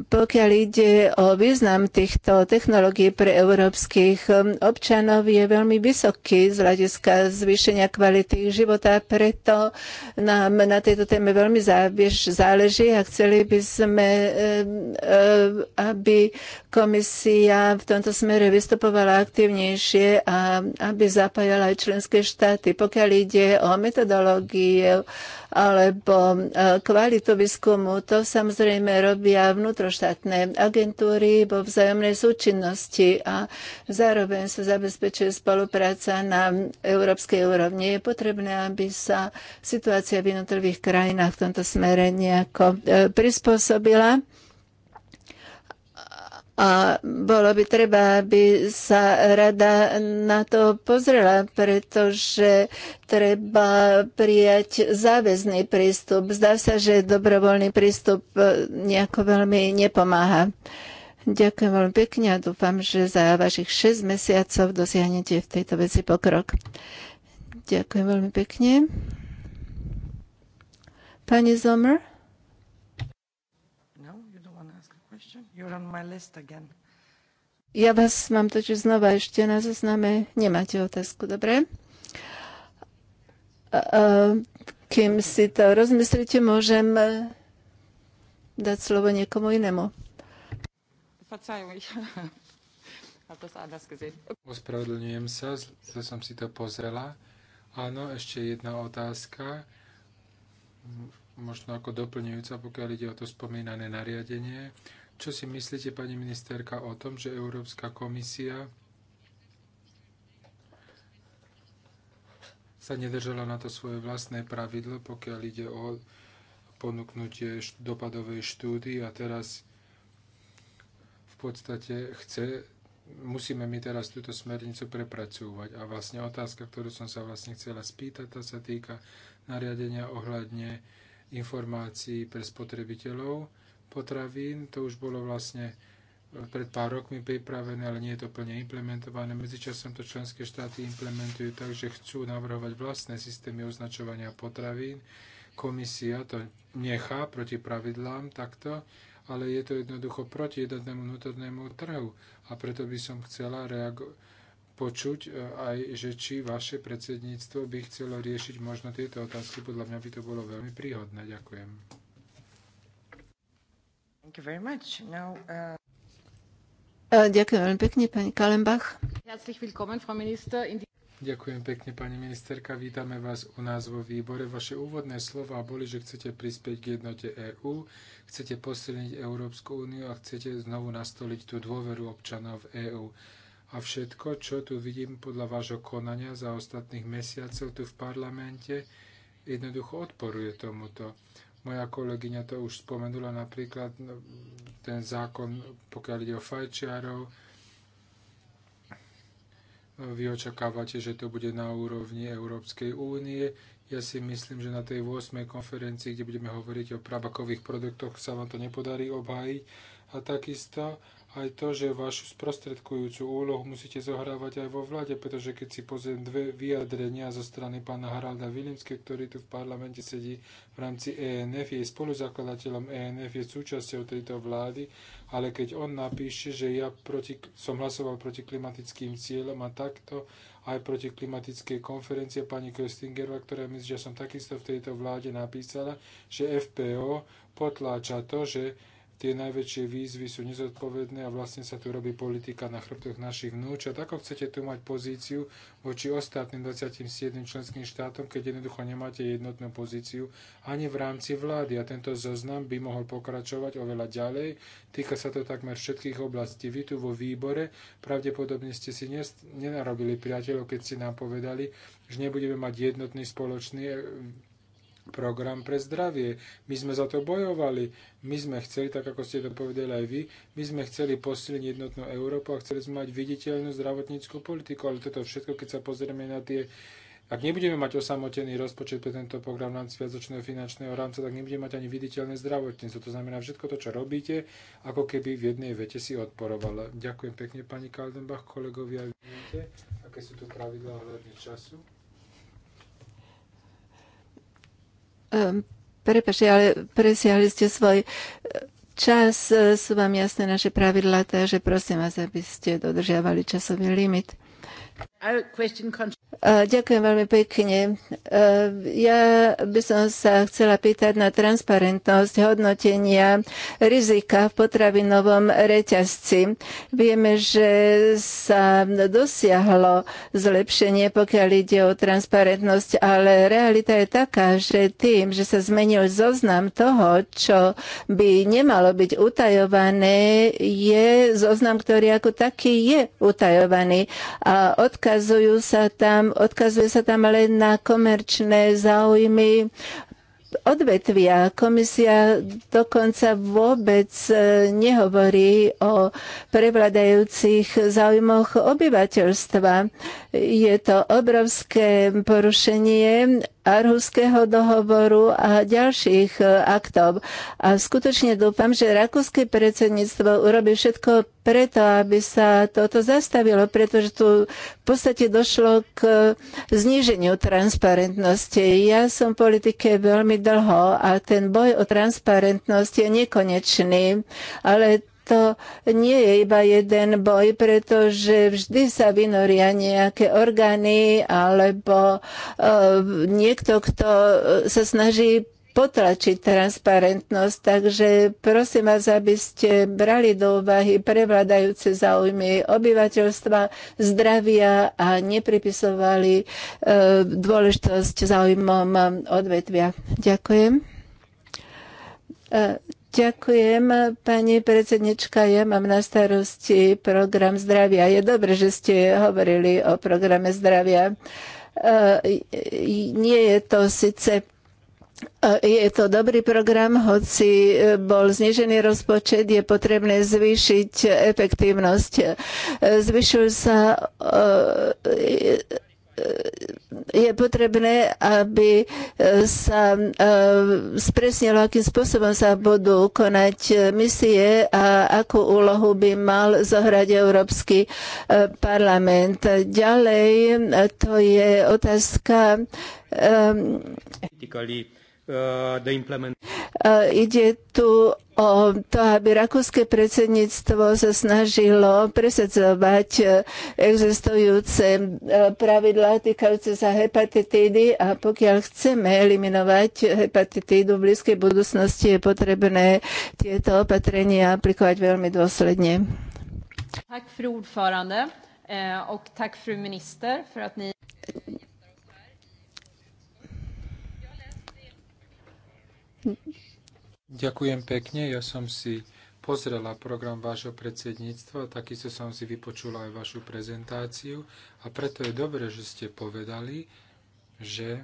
pokiaľ ide o význam týchto technológií pre európskych e, občanov, je veľmi vysoký z hľadiska zvýšenia kvality ich života, preto nám na tejto téme veľmi záleží a chceli by sme, aby komisia v tomto smere vystupovala aktívnejšie účinnejšie a aby zapájala aj členské štáty. Pokiaľ ide o metodológie alebo kvalitu výskumu, to samozrejme robia vnútroštátne agentúry vo vzájomnej súčinnosti a zároveň sa zabezpečuje spolupráca na európskej úrovni. Je potrebné, aby sa situácia v jednotlivých krajinách v tomto smere nejako e, prispôsobila. A bolo by treba, aby sa rada na to pozrela, pretože treba prijať záväzný prístup. Zdá sa, že dobrovoľný prístup e, nejako veľmi nepomáha. Ďakujem veľmi pekne a dúfam, že za vašich 6 mesiacov dosiahnete v tejto veci pokrok. Ďakujem veľmi pekne. Pani Zomer? You're on my list again. Ja vás mám totiž znova ešte na zozname. Nemáte otázku, dobre? Kým si to rozmyslíte, môžem e, dať slovo niekomu inému. Ospravedlňujem sa, zle som si to pozrela. Áno, ešte jedna otázka, možno ako doplňujúca, pokiaľ ide o to spomínané nariadenie. Čo si myslíte, pani ministerka, o tom, že Európska komisia sa nedržala na to svoje vlastné pravidlo, pokiaľ ide o ponúknutie dopadovej štúdy a teraz v podstate chce, musíme my teraz túto smernicu prepracúvať. A vlastne otázka, ktorú som sa vlastne chcela spýtať, tá sa týka nariadenia ohľadne informácií pre spotrebiteľov potravín. To už bolo vlastne e, pred pár rokmi pripravené, ale nie je to plne implementované. Medzičasom to členské štáty implementujú tak, že chcú navrhovať vlastné systémy označovania potravín. Komisia to nechá proti pravidlám takto, ale je to jednoducho proti jednotnému vnútornému trhu. A preto by som chcela počuť e, aj, že či vaše predsedníctvo by chcelo riešiť možno tieto otázky. Podľa mňa by to bolo veľmi príhodné. Ďakujem. Uh, uh, ďakujem veľmi pekne, pani Kalembach. Ďakujem pekne, pani ministerka. Vítame vás u nás vo výbore. Vaše úvodné slova boli, že chcete prispieť k jednote EÚ, chcete posilniť Európsku úniu a chcete znovu nastoliť tú dôveru občanov EÚ. A všetko, čo tu vidím podľa vášho konania za ostatných mesiacov tu v parlamente, jednoducho odporuje tomuto. Moja kolegyňa to už spomenula napríklad no, ten zákon, pokiaľ ide o fajčiarov. No, vy očakávate, že to bude na úrovni Európskej únie. Ja si myslím, že na tej 8. konferencii, kde budeme hovoriť o prabakových produktoch, sa vám to nepodarí obhájiť. A takisto aj to, že vašu sprostredkujúcu úlohu musíte zohrávať aj vo vláde, pretože keď si pozriem dve vyjadrenia zo strany pána Haralda Vilimske, ktorý tu v parlamente sedí v rámci ENF, je spoluzakladateľom ENF, je súčasťou tejto vlády, ale keď on napíše, že ja proti, som hlasoval proti klimatickým cieľom a takto, aj proti klimatickej konferencie pani Köstingerová, ktorá myslím, že som takisto v tejto vláde napísala, že FPO potláča to, že tie najväčšie výzvy sú nezodpovedné a vlastne sa tu robí politika na chrbtoch našich vnúčat. Ako chcete tu mať pozíciu voči ostatným 27 členským štátom, keď jednoducho nemáte jednotnú pozíciu ani v rámci vlády? A tento zoznam by mohol pokračovať oveľa ďalej. Týka sa to takmer všetkých oblastí. Vy tu vo výbore pravdepodobne ste si nenarobili priateľov, keď ste nám povedali, že nebudeme mať jednotný spoločný program pre zdravie. My sme za to bojovali. My sme chceli, tak ako ste to povedali aj vy, my sme chceli posilniť jednotnú Európu a chceli sme mať viditeľnú zdravotníckú politiku, ale toto všetko, keď sa pozrieme na tie ak nebudeme mať osamotený rozpočet pre tento program v rámci viacočného finančného rámca, tak nebudeme mať ani viditeľné zdravotníctvo. To znamená, všetko to, čo robíte, ako keby v jednej vete si odporovalo. Ďakujem pekne, pani Kaldenbach, kolegovia. Vidíte, aké sú tu pravidlá hľadne času? Ehm, prepašte, ale presiahli ste svoj e, čas. E, sú vám jasné naše pravidlá, takže prosím vás, aby ste dodržiavali časový limit. Ďakujem veľmi pekne. Ja by som sa chcela pýtať na transparentnosť hodnotenia rizika v potravinovom reťazci. Vieme, že sa dosiahlo zlepšenie, pokiaľ ide o transparentnosť, ale realita je taká, že tým, že sa zmenil zoznam toho, čo by nemalo byť utajované, je zoznam, ktorý ako taký je utajovaný. A od odkazujú sa tam, odkazuje sa tam len na komerčné záujmy odvetvia. Komisia dokonca vôbec e, nehovorí o prevladajúcich záujmoch obyvateľstva. Je to obrovské porušenie Arhuského dohovoru a ďalších e, aktov. A skutočne dúfam, že rakúske predsedníctvo urobí všetko preto, aby sa toto zastavilo, pretože tu v podstate došlo k e, zníženiu transparentnosti. Ja som v politike veľmi dlho a ten boj o transparentnosť je nekonečný, ale to nie je iba jeden boj, pretože vždy sa vynoria nejaké orgány alebo eh, niekto, kto sa snaží potlačiť transparentnosť, takže prosím vás, aby ste brali do úvahy prevladajúce záujmy obyvateľstva, zdravia a nepripisovali e, dôležitosť záujmom odvetvia. Ďakujem. E, Ďakujem, pani predsednička. Ja mám na starosti program zdravia. Je dobre, že ste hovorili o programe zdravia. E, nie je to síce e, je to dobrý program, hoci bol znižený rozpočet, je potrebné zvýšiť efektívnosť. E, zvyšujú sa je potrebné, aby e, sa e, spresnilo, akým spôsobom sa budú konať e, misie a akú úlohu by mal zohrať Európsky parlament. Ďalej to je otázka. Um, Uh, the implement Ide tu o to, aby rakúske predsedníctvo sa snažilo presadzovať uh, existujúce uh, pravidlá týkajúce sa hepatitídy a pokiaľ chceme eliminovať hepatitídu v blízkej budúcnosti, je potrebné tieto opatrenia aplikovať veľmi dôsledne. Tak, fru ordförande, eh, och tack, fru minister, för att ni... Ďakujem pekne. Ja som si pozrela program vášho predsedníctva, takisto som si vypočula aj vašu prezentáciu a preto je dobré, že ste povedali, že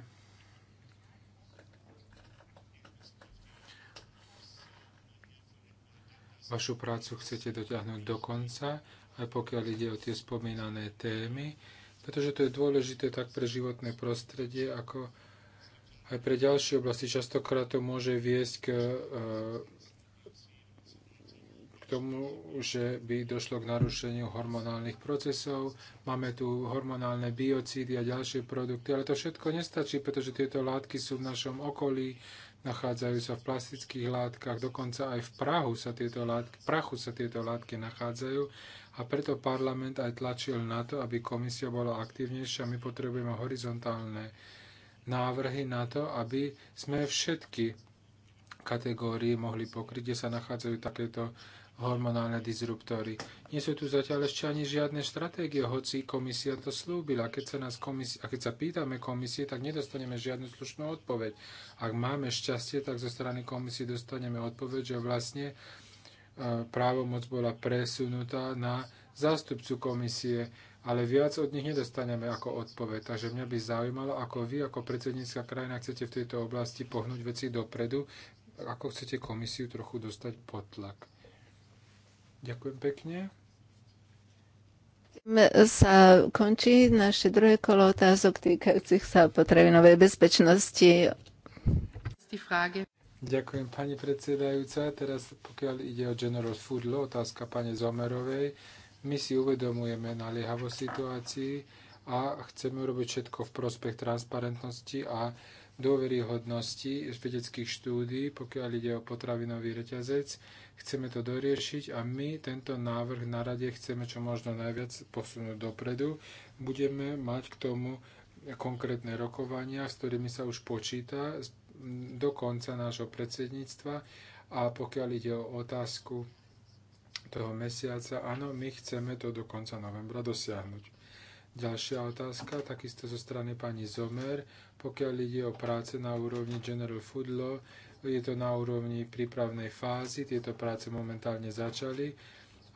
vašu prácu chcete dotiahnuť do konca, aj pokiaľ ide o tie spomínané témy, pretože to je dôležité tak pre životné prostredie, ako aj pre ďalšie oblasti. Častokrát to môže viesť k, e, k tomu, že by došlo k narušeniu hormonálnych procesov. Máme tu hormonálne biocídy a ďalšie produkty, ale to všetko nestačí, pretože tieto látky sú v našom okolí, nachádzajú sa v plastických látkach, dokonca aj v prahu sa tieto látky, prachu sa tieto látky nachádzajú a preto parlament aj tlačil na to, aby komisia bola aktívnejšia. My potrebujeme horizontálne návrhy na to, aby sme všetky kategórie mohli pokryť, kde sa nachádzajú takéto hormonálne disruptory. Nie sú tu zatiaľ ešte ani žiadne stratégie, hoci komisia to slúbila. Keď sa, nás komisie, a keď sa pýtame komisie, tak nedostaneme žiadnu slušnú odpoveď. Ak máme šťastie, tak zo strany komisie dostaneme odpoveď, že vlastne e, právomoc bola presunutá na zástupcu komisie ale viac od nich nedostaneme ako odpoveď. Takže mňa by zaujímalo, ako vy, ako predsednícka krajina, chcete v tejto oblasti pohnúť veci dopredu, ako chcete komisiu trochu dostať pod tlak. Ďakujem pekne. Tým sa končí naše druhé kolo otázok týkajúcich sa potravinovej bezpečnosti. Ďakujem pani predsedajúca. Teraz pokiaľ ide o General Food Law, otázka pani Zomerovej my si uvedomujeme naliehavosť situácii a chceme urobiť všetko v prospech transparentnosti a dôveryhodnosti vedeckých štúdí, pokiaľ ide o potravinový reťazec. Chceme to doriešiť a my tento návrh na rade chceme čo možno najviac posunúť dopredu. Budeme mať k tomu konkrétne rokovania, s ktorými sa už počíta do konca nášho predsedníctva a pokiaľ ide o otázku toho mesiaca. Áno, my chceme to do konca novembra dosiahnuť. Ďalšia otázka, takisto zo strany pani Zomer, pokiaľ ide o práce na úrovni General Food Law, je to na úrovni prípravnej fázy, tieto práce momentálne začali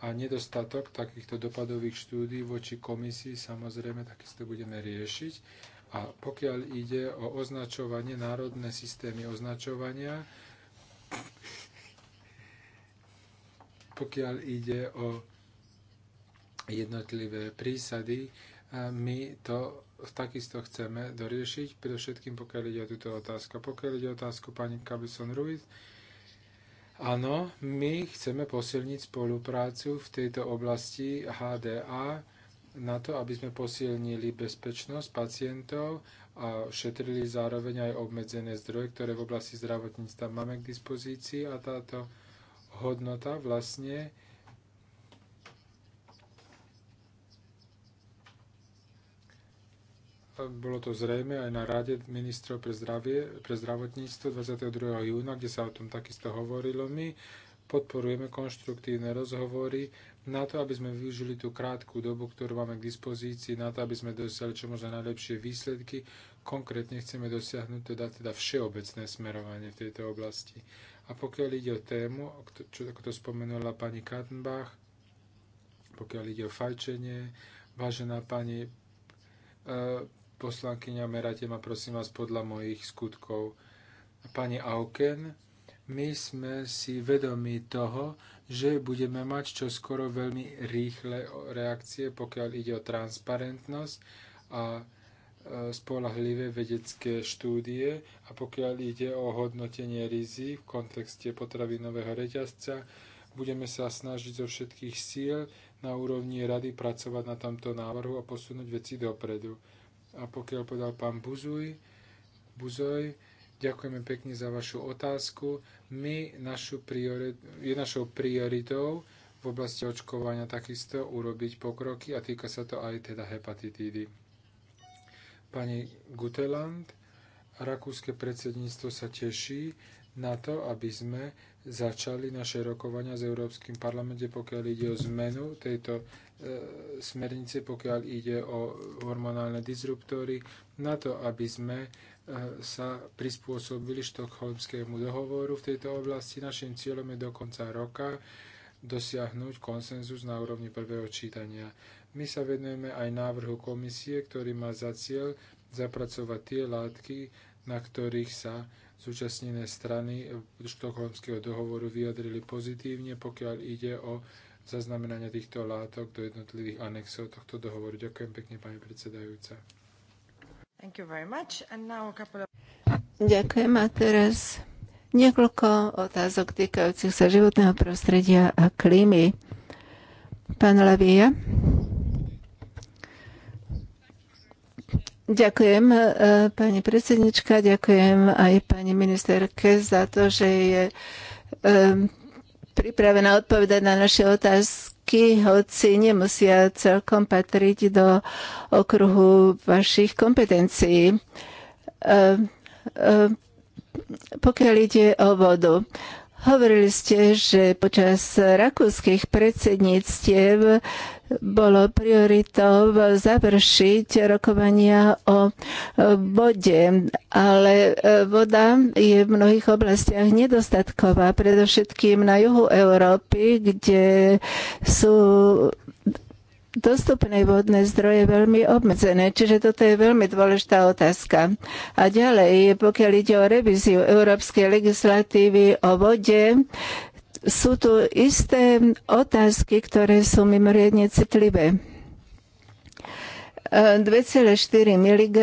a nedostatok takýchto dopadových štúdí voči komisii samozrejme takisto budeme riešiť. A pokiaľ ide o označovanie, národné systémy označovania, pokiaľ ide o jednotlivé prísady, my to takisto chceme doriešiť, predovšetkým pokiaľ ide o túto otázku. Pokiaľ ide o otázku pani Cabison Ruiz, áno, my chceme posilniť spoluprácu v tejto oblasti HDA na to, aby sme posilnili bezpečnosť pacientov a šetrili zároveň aj obmedzené zdroje, ktoré v oblasti zdravotníctva máme k dispozícii a táto hodnota vlastne bolo to zrejme aj na Rade ministrov pre, zdravie, pre zdravotníctvo 22. júna, kde sa o tom takisto hovorilo. My podporujeme konštruktívne rozhovory na to, aby sme využili tú krátku dobu, ktorú máme k dispozícii, na to, aby sme dosiahli čo možno najlepšie výsledky. Konkrétne chceme dosiahnuť teda, teda všeobecné smerovanie v tejto oblasti. A pokiaľ ide o tému, čo, ako to spomenula pani Kartenbach, pokiaľ ide o fajčenie, vážená pani e, poslankyňa, merate ma prosím vás podľa mojich skutkov. Pani Auken, my sme si vedomi toho, že budeme mať čoskoro veľmi rýchle reakcie, pokiaľ ide o transparentnosť a transparentnosť spolahlivé vedecké štúdie a pokiaľ ide o hodnotenie rizí v kontexte potravinového reťazca, budeme sa snažiť zo všetkých síl na úrovni rady pracovať na tomto návrhu a posunúť veci dopredu. A pokiaľ podal pán Buzuj, Buzoj, ďakujeme pekne za vašu otázku. My, našu priorit, je našou prioritou v oblasti očkovania takisto urobiť pokroky a týka sa to aj teda hepatitídy. Pani Guteland, rakúske predsedníctvo sa teší na to, aby sme začali naše rokovania s Európskym parlamente, pokiaľ ide o zmenu tejto e, smernice, pokiaľ ide o hormonálne disruptory, na to, aby sme e, sa prispôsobili štokholmskému dohovoru v tejto oblasti. Našim cieľom je do konca roka dosiahnuť konsenzus na úrovni prvého čítania. My sa venujeme aj návrhu komisie, ktorý má za cieľ zapracovať tie látky, na ktorých sa zúčastnené strany štokholmského dohovoru vyjadrili pozitívne, pokiaľ ide o zaznamenanie týchto látok do jednotlivých anexov tohto dohovoru. Ďakujem pekne, pani predsedajúca. Couple... Ďakujem a teraz niekoľko otázok týkajúcich sa životného prostredia a klímy. Pán Lavia. Ďakujem, e, pani predsednička, ďakujem aj pani ministerke za to, že je e, pripravená odpovedať na naše otázky, hoci nemusia celkom patriť do okruhu vašich kompetencií. E, pokiaľ ide o vodu, Hovorili ste, že počas rakúskych predsedníctiev bolo prioritou završiť rokovania o vode, ale voda je v mnohých oblastiach nedostatková, predovšetkým na juhu Európy, kde sú dostupné vodné zdroje veľmi obmedzené, čiže toto je veľmi dôležitá otázka. A ďalej, pokiaľ ide o revíziu európskej legislatívy o vode, sú tu isté otázky, ktoré sú mimoriadne citlivé. 2,4 e, mg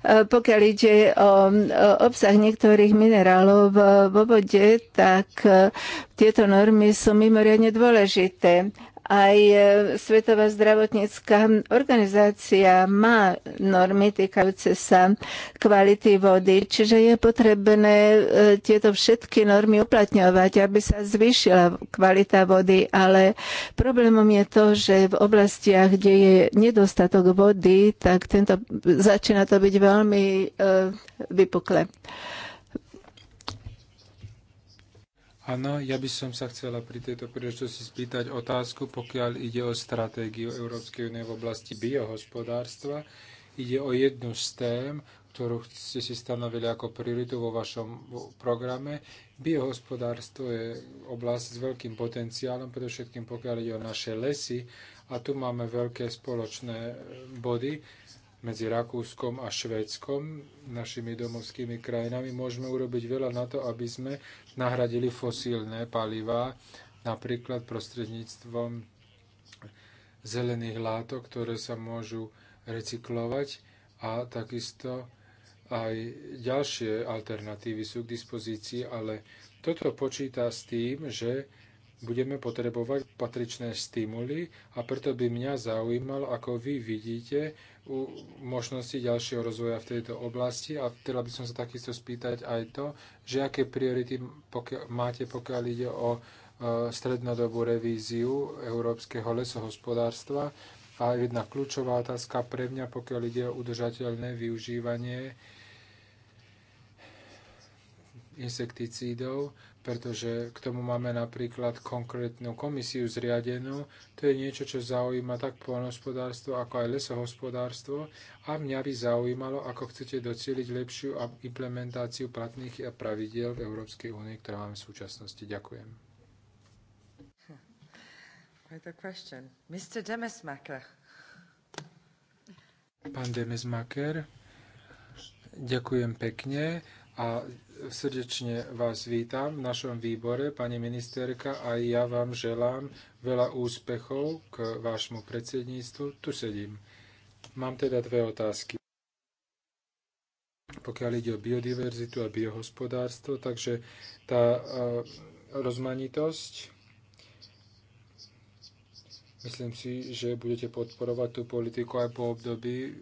E, pokiaľ ide o obsah niektorých minerálov vo vode, tak e, tieto normy sú mimoriadne dôležité. Aj e, Svetová zdravotnícká organizácia má normy týkajúce sa kvality vody, čiže je potrebné e, tieto všetky normy uplatňovať, aby sa zvýšila kvalita vody, ale problémom je to, že v oblastiach, kde je nedostatok vody, tak tento, začína to byť veľmi e, vypukle. Áno, ja by som sa chcela pri tejto príležitosti spýtať otázku, pokiaľ ide o stratégiu Európskej únie v oblasti biohospodárstva. Ide o jednu z tém, ktorú ste si stanovili ako prioritu vo vašom programe. Biohospodárstvo je oblasť s veľkým potenciálom, predovšetkým pokiaľ ide o naše lesy. A tu máme veľké spoločné body medzi Rakúskom a Švédskom, našimi domovskými krajinami, môžeme urobiť veľa na to, aby sme nahradili fosílne palivá, napríklad prostredníctvom zelených látok, ktoré sa môžu recyklovať a takisto aj ďalšie alternatívy sú k dispozícii, ale toto počíta s tým, že budeme potrebovať patričné stimuly a preto by mňa zaujímalo, ako vy vidíte u možnosti ďalšieho rozvoja v tejto oblasti a chcela by som sa takisto spýtať aj to, že aké priority pokiaľ, máte, pokiaľ ide o e, strednodobú revíziu európskeho lesohospodárstva a jedna kľúčová otázka pre mňa, pokiaľ ide o udržateľné využívanie insekticídov pretože k tomu máme napríklad konkrétnu komisiu zriadenú. To je niečo, čo zaujíma tak poľnohospodárstvo, ako aj lesohospodárstvo a mňa by zaujímalo, ako chcete docieliť lepšiu implementáciu platných pravidiel v Európskej únie, ktoré máme v súčasnosti. Ďakujem. Quite a question. Mr. Demesmaker. Pán Demesmaker, ďakujem pekne a srdečne vás vítam v našom výbore, pani ministerka, a ja vám želám veľa úspechov k vášmu predsedníctvu. Tu sedím. Mám teda dve otázky. Pokiaľ ide o biodiverzitu a biohospodárstvo, takže tá e, rozmanitosť, myslím si, že budete podporovať tú politiku aj po období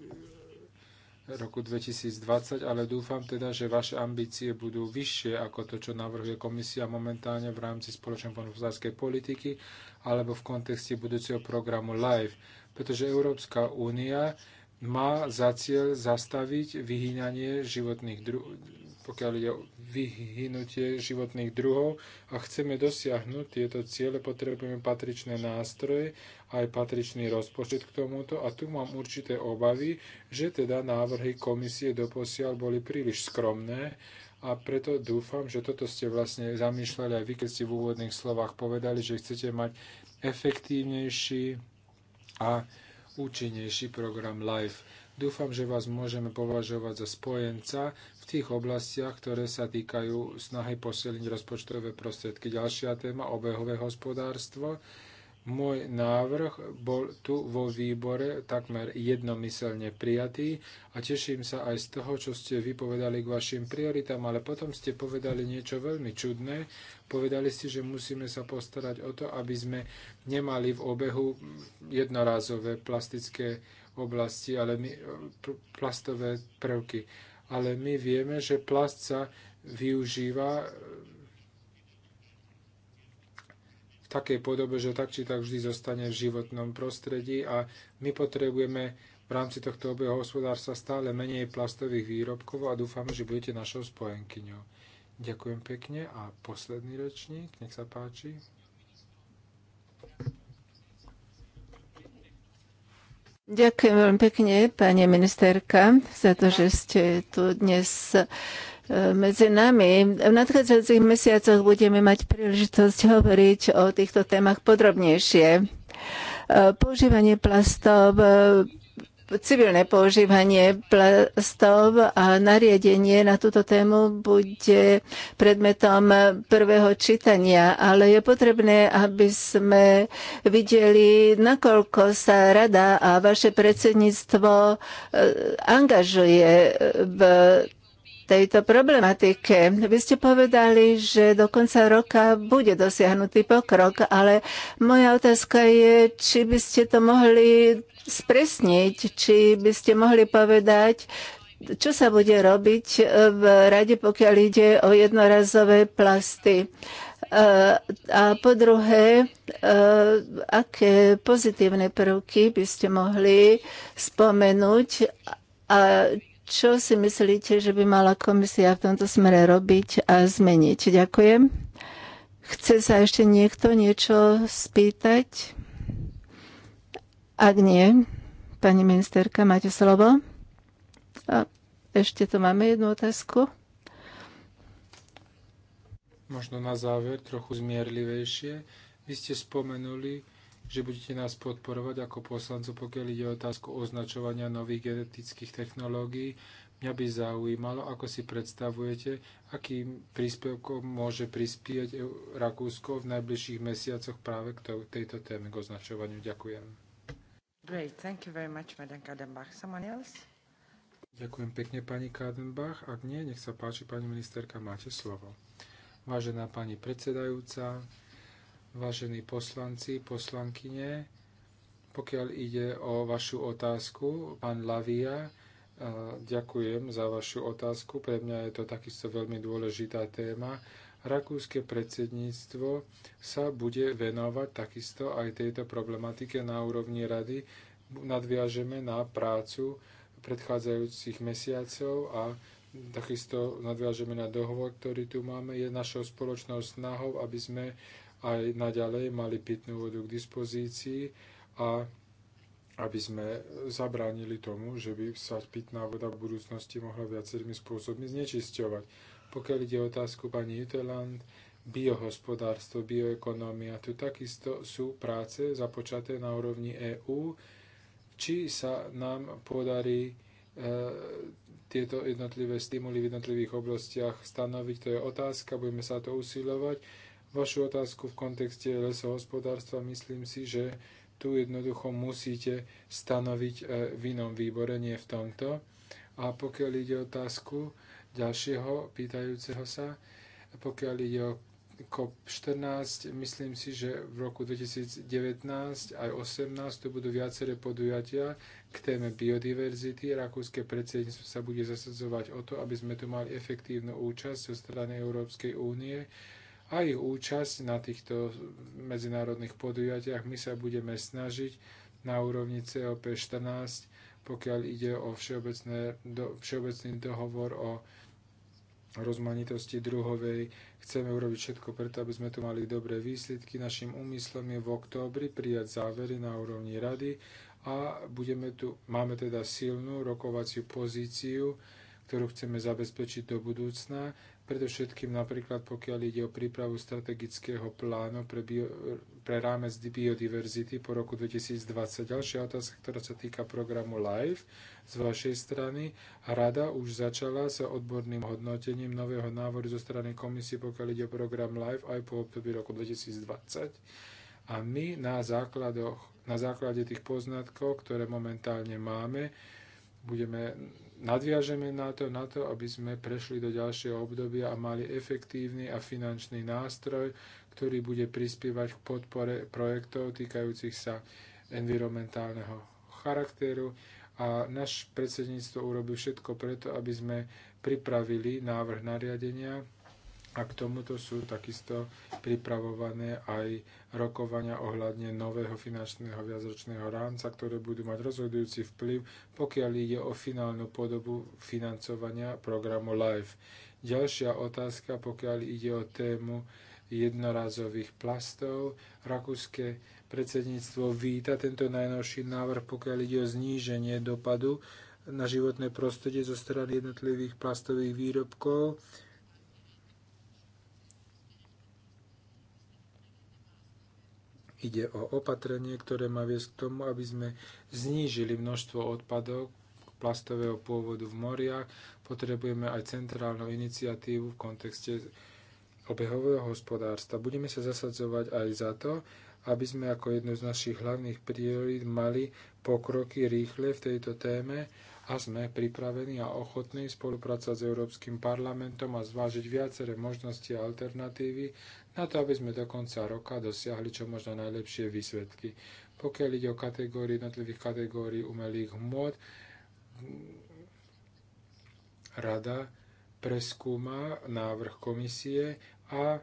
roku 2020, ale dúfam teda, že vaše ambície budú vyššie ako to, čo navrhuje komisia momentálne v rámci spoločnej hospodárskej politiky alebo v kontexte budúceho programu LIFE, pretože Európska únia má za cieľ zastaviť vyhýňanie životných dru- pokiaľ ide o vyhynutie životných druhov a chceme dosiahnuť tieto ciele, potrebujeme patričné nástroje aj patričný rozpočet k tomuto a tu mám určité obavy, že teda návrhy komisie doposiaľ boli príliš skromné a preto dúfam, že toto ste vlastne zamýšľali aj vy, keď ste v úvodných slovách povedali, že chcete mať efektívnejší a účinnejší program LIFE. Dúfam, že vás môžeme považovať za spojenca tých oblastiach, ktoré sa týkajú snahy posilniť rozpočtové prostriedky. Ďalšia téma, obehové hospodárstvo. Môj návrh bol tu vo výbore takmer jednomyselne prijatý a teším sa aj z toho, čo ste vypovedali k vašim prioritám, ale potom ste povedali niečo veľmi čudné. Povedali ste, že musíme sa postarať o to, aby sme nemali v obehu jednorázové plastické oblasti, ale e, plastové prvky ale my vieme, že plast sa využíva e, v takej podobe, že tak či tak vždy zostane v životnom prostredí a my potrebujeme v rámci tohto obeho hospodárstva stále menej plastových výrobkov a dúfame, že budete našou spojenkyňou. Ďakujem pekne a posledný rečník, nech sa páči. Ďakujem veľmi pekne, pani ministerka, za to, že ste tu dnes e, medzi nami. V nadchádzajúcich mesiacoch budeme mať príležitosť hovoriť o týchto témach podrobnejšie. E, používanie plastov e, civilné používanie plastov a nariadenie na túto tému bude predmetom prvého čítania, ale je potrebné, aby sme videli, nakoľko sa rada a vaše predsedníctvo eh, angažuje v tejto problematike. Vy ste povedali, že do konca roka bude dosiahnutý pokrok, ale moja otázka je, či by ste to mohli spresniť, či by ste mohli povedať, čo sa bude robiť v rade, pokiaľ ide o jednorazové plasty. A po druhé, aké pozitívne prvky by ste mohli spomenúť a čo si myslíte, že by mala komisia v tomto smere robiť a zmeniť? Ďakujem. Chce sa ešte niekto niečo spýtať? Ak nie, pani ministerka, máte slovo. A ešte tu máme jednu otázku. Možno na záver, trochu zmierlivejšie. Vy ste spomenuli, že budete nás podporovať ako poslancov, pokiaľ ide o otázku označovania nových genetických technológií. Mňa by zaujímalo, ako si predstavujete, akým príspevkom môže prispieť Rakúsko v najbližších mesiacoch práve k tejto téme, k označovaniu. Ďakujem. Great, thank you very much, Madam Kadenbach. Someone else? Ďakujem pekne, pani Kadenbach. Ak nie, nech sa páči, pani ministerka, máte slovo. Vážená pani predsedajúca, vážení poslanci, poslankyne, pokiaľ ide o vašu otázku, pán Lavia, ďakujem za vašu otázku. Pre mňa je to takisto veľmi dôležitá téma. Rakúske predsedníctvo sa bude venovať takisto aj tejto problematike na úrovni rady. Nadviažeme na prácu predchádzajúcich mesiacov a takisto nadviažeme na dohovor, ktorý tu máme. Je našou spoločnou snahou, aby sme aj naďalej mali pitnú vodu k dispozícii a aby sme zabránili tomu, že by sa pitná voda v budúcnosti mohla viacerými spôsobmi znečisťovať. Pokiaľ ide o otázku pani Juteland, biohospodárstvo, bioekonomia, tu takisto sú práce započaté na úrovni EÚ, či sa nám podarí e, tieto jednotlivé stimuly v jednotlivých oblastiach stanoviť, to je otázka, budeme sa to usilovať vašu otázku v kontexte lesohospodárstva, myslím si, že tu jednoducho musíte stanoviť e, v inom výbore, nie v tomto. A pokiaľ ide o otázku ďalšieho pýtajúceho sa, pokiaľ ide o COP14, myslím si, že v roku 2019 aj 2018 tu budú viaceré podujatia k téme biodiverzity. Rakúske predsedníctvo sa bude zasadzovať o to, aby sme tu mali efektívnu účasť zo strany Európskej únie aj účasť na týchto medzinárodných podujatiach. My sa budeme snažiť na úrovni COP14, pokiaľ ide o všeobecné, do, všeobecný dohovor o rozmanitosti druhovej. Chceme urobiť všetko preto, aby sme tu mali dobré výsledky. Našim úmyslom je v októbri prijať závery na úrovni rady a budeme tu, máme teda silnú rokovaciu pozíciu, ktorú chceme zabezpečiť do budúcna, predovšetkým napríklad pokiaľ ide o prípravu strategického plánu pre, bio, pre rámec biodiverzity po roku 2020. Ďalšia otázka, ktorá sa týka programu LIFE z vašej strany. Rada už začala sa odborným hodnotením nového návoru zo strany komisie, pokiaľ ide o program LIFE aj po období roku 2020. A my na, základoch, na základe tých poznatkov, ktoré momentálne máme, budeme nadviažeme na to, na to, aby sme prešli do ďalšieho obdobia a mali efektívny a finančný nástroj, ktorý bude prispievať k podpore projektov týkajúcich sa environmentálneho charakteru. A naš predsedníctvo urobí všetko preto, aby sme pripravili návrh nariadenia, a k tomuto sú takisto pripravované aj rokovania ohľadne nového finančného viacročného rámca, ktoré budú mať rozhodujúci vplyv, pokiaľ ide o finálnu podobu financovania programu LIFE. Ďalšia otázka, pokiaľ ide o tému jednorazových plastov. Rakúske predsedníctvo víta tento najnovší návrh, pokiaľ ide o zníženie dopadu na životné prostredie zo strany jednotlivých plastových výrobkov Ide o opatrenie, ktoré má viesť k tomu, aby sme znížili množstvo odpadov plastového pôvodu v moriach. Potrebujeme aj centrálnu iniciatívu v kontexte obehového hospodárstva. Budeme sa zasadzovať aj za to, aby sme ako jednu z našich hlavných priorít mali pokroky rýchle v tejto téme a sme pripravení a ochotní spolupracovať s Európskym parlamentom a zvážiť viaceré možnosti a alternatívy na to, aby sme do konca roka dosiahli čo možno najlepšie výsledky. Pokiaľ ide o kategórie, jednotlivých kategórií umelých hmôt, rada preskúma návrh komisie a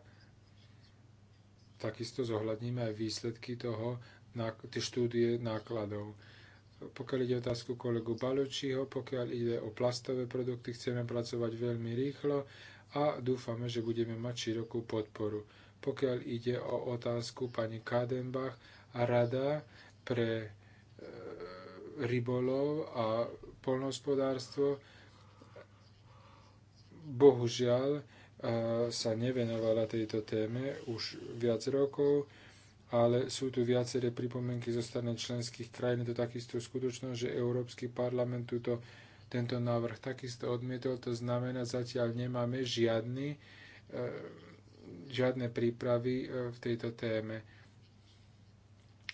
takisto zohľadníme aj výsledky toho, štúdie nákladov pokiaľ ide otázku kolegu Balučího, pokiaľ ide o plastové produkty, chceme pracovať veľmi rýchlo a dúfame, že budeme mať širokú podporu. Pokiaľ ide o otázku pani Kadenbach a rada pre e, rybolov a polnohospodárstvo, bohužiaľ e, sa nevenovala tejto téme už viac rokov ale sú tu viaceré pripomienky zo strany členských krajín. Je to takisto skutočnosť, že Európsky parlament túto, tento návrh takisto odmietol. To znamená, zatiaľ nemáme žiadny, eh, žiadne prípravy eh, v tejto téme.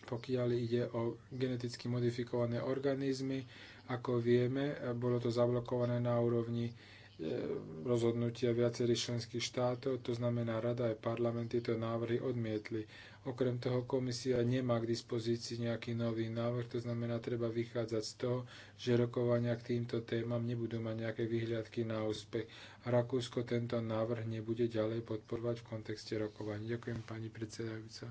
Pokiaľ ide o geneticky modifikované organizmy, ako vieme, eh, bolo to zablokované na úrovni rozhodnutia viacerých členských štátov, to znamená Rada aj parlament tieto návrhy odmietli. Okrem toho komisia nemá k dispozícii nejaký nový návrh, to znamená, treba vychádzať z toho, že rokovania k týmto témam nebudú mať nejaké vyhliadky na úspech. A Rakúsko tento návrh nebude ďalej podporovať v kontexte rokovaní. Ďakujem pani predsedajúca.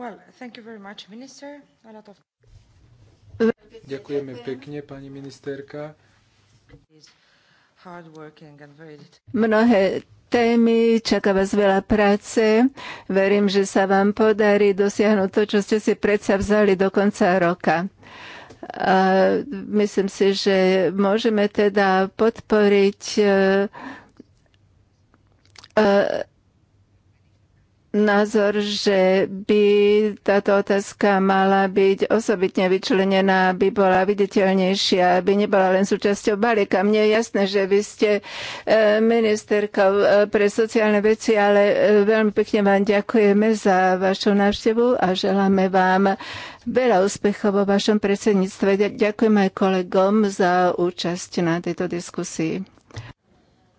Well, thank you very much, minister. A lot of... Ďakujeme pekne, pani ministerka. Mnohé témy, čaká vás veľa práce. Verím, že sa vám podarí dosiahnuť to, čo ste si predsa vzali do konca roka. A myslím si, že môžeme teda podporiť e, e, názor, že by táto otázka mala byť osobitne vyčlenená, aby bola viditeľnejšia, aby nebola len súčasťou balíka. Mne je jasné, že vy ste e, ministerka e, pre sociálne veci, ale e, veľmi pekne vám ďakujeme za vašu návštevu a želáme vám veľa úspechov vo vašom predsedníctve. Ďakujem aj kolegom za účasť na tejto diskusii.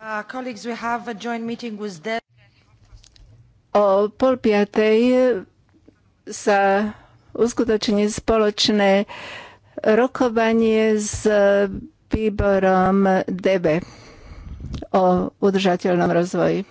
Uh, O pol piatej sa uskutoční spoločné rokovanie s výborom DB o udržateľnom rozvoji.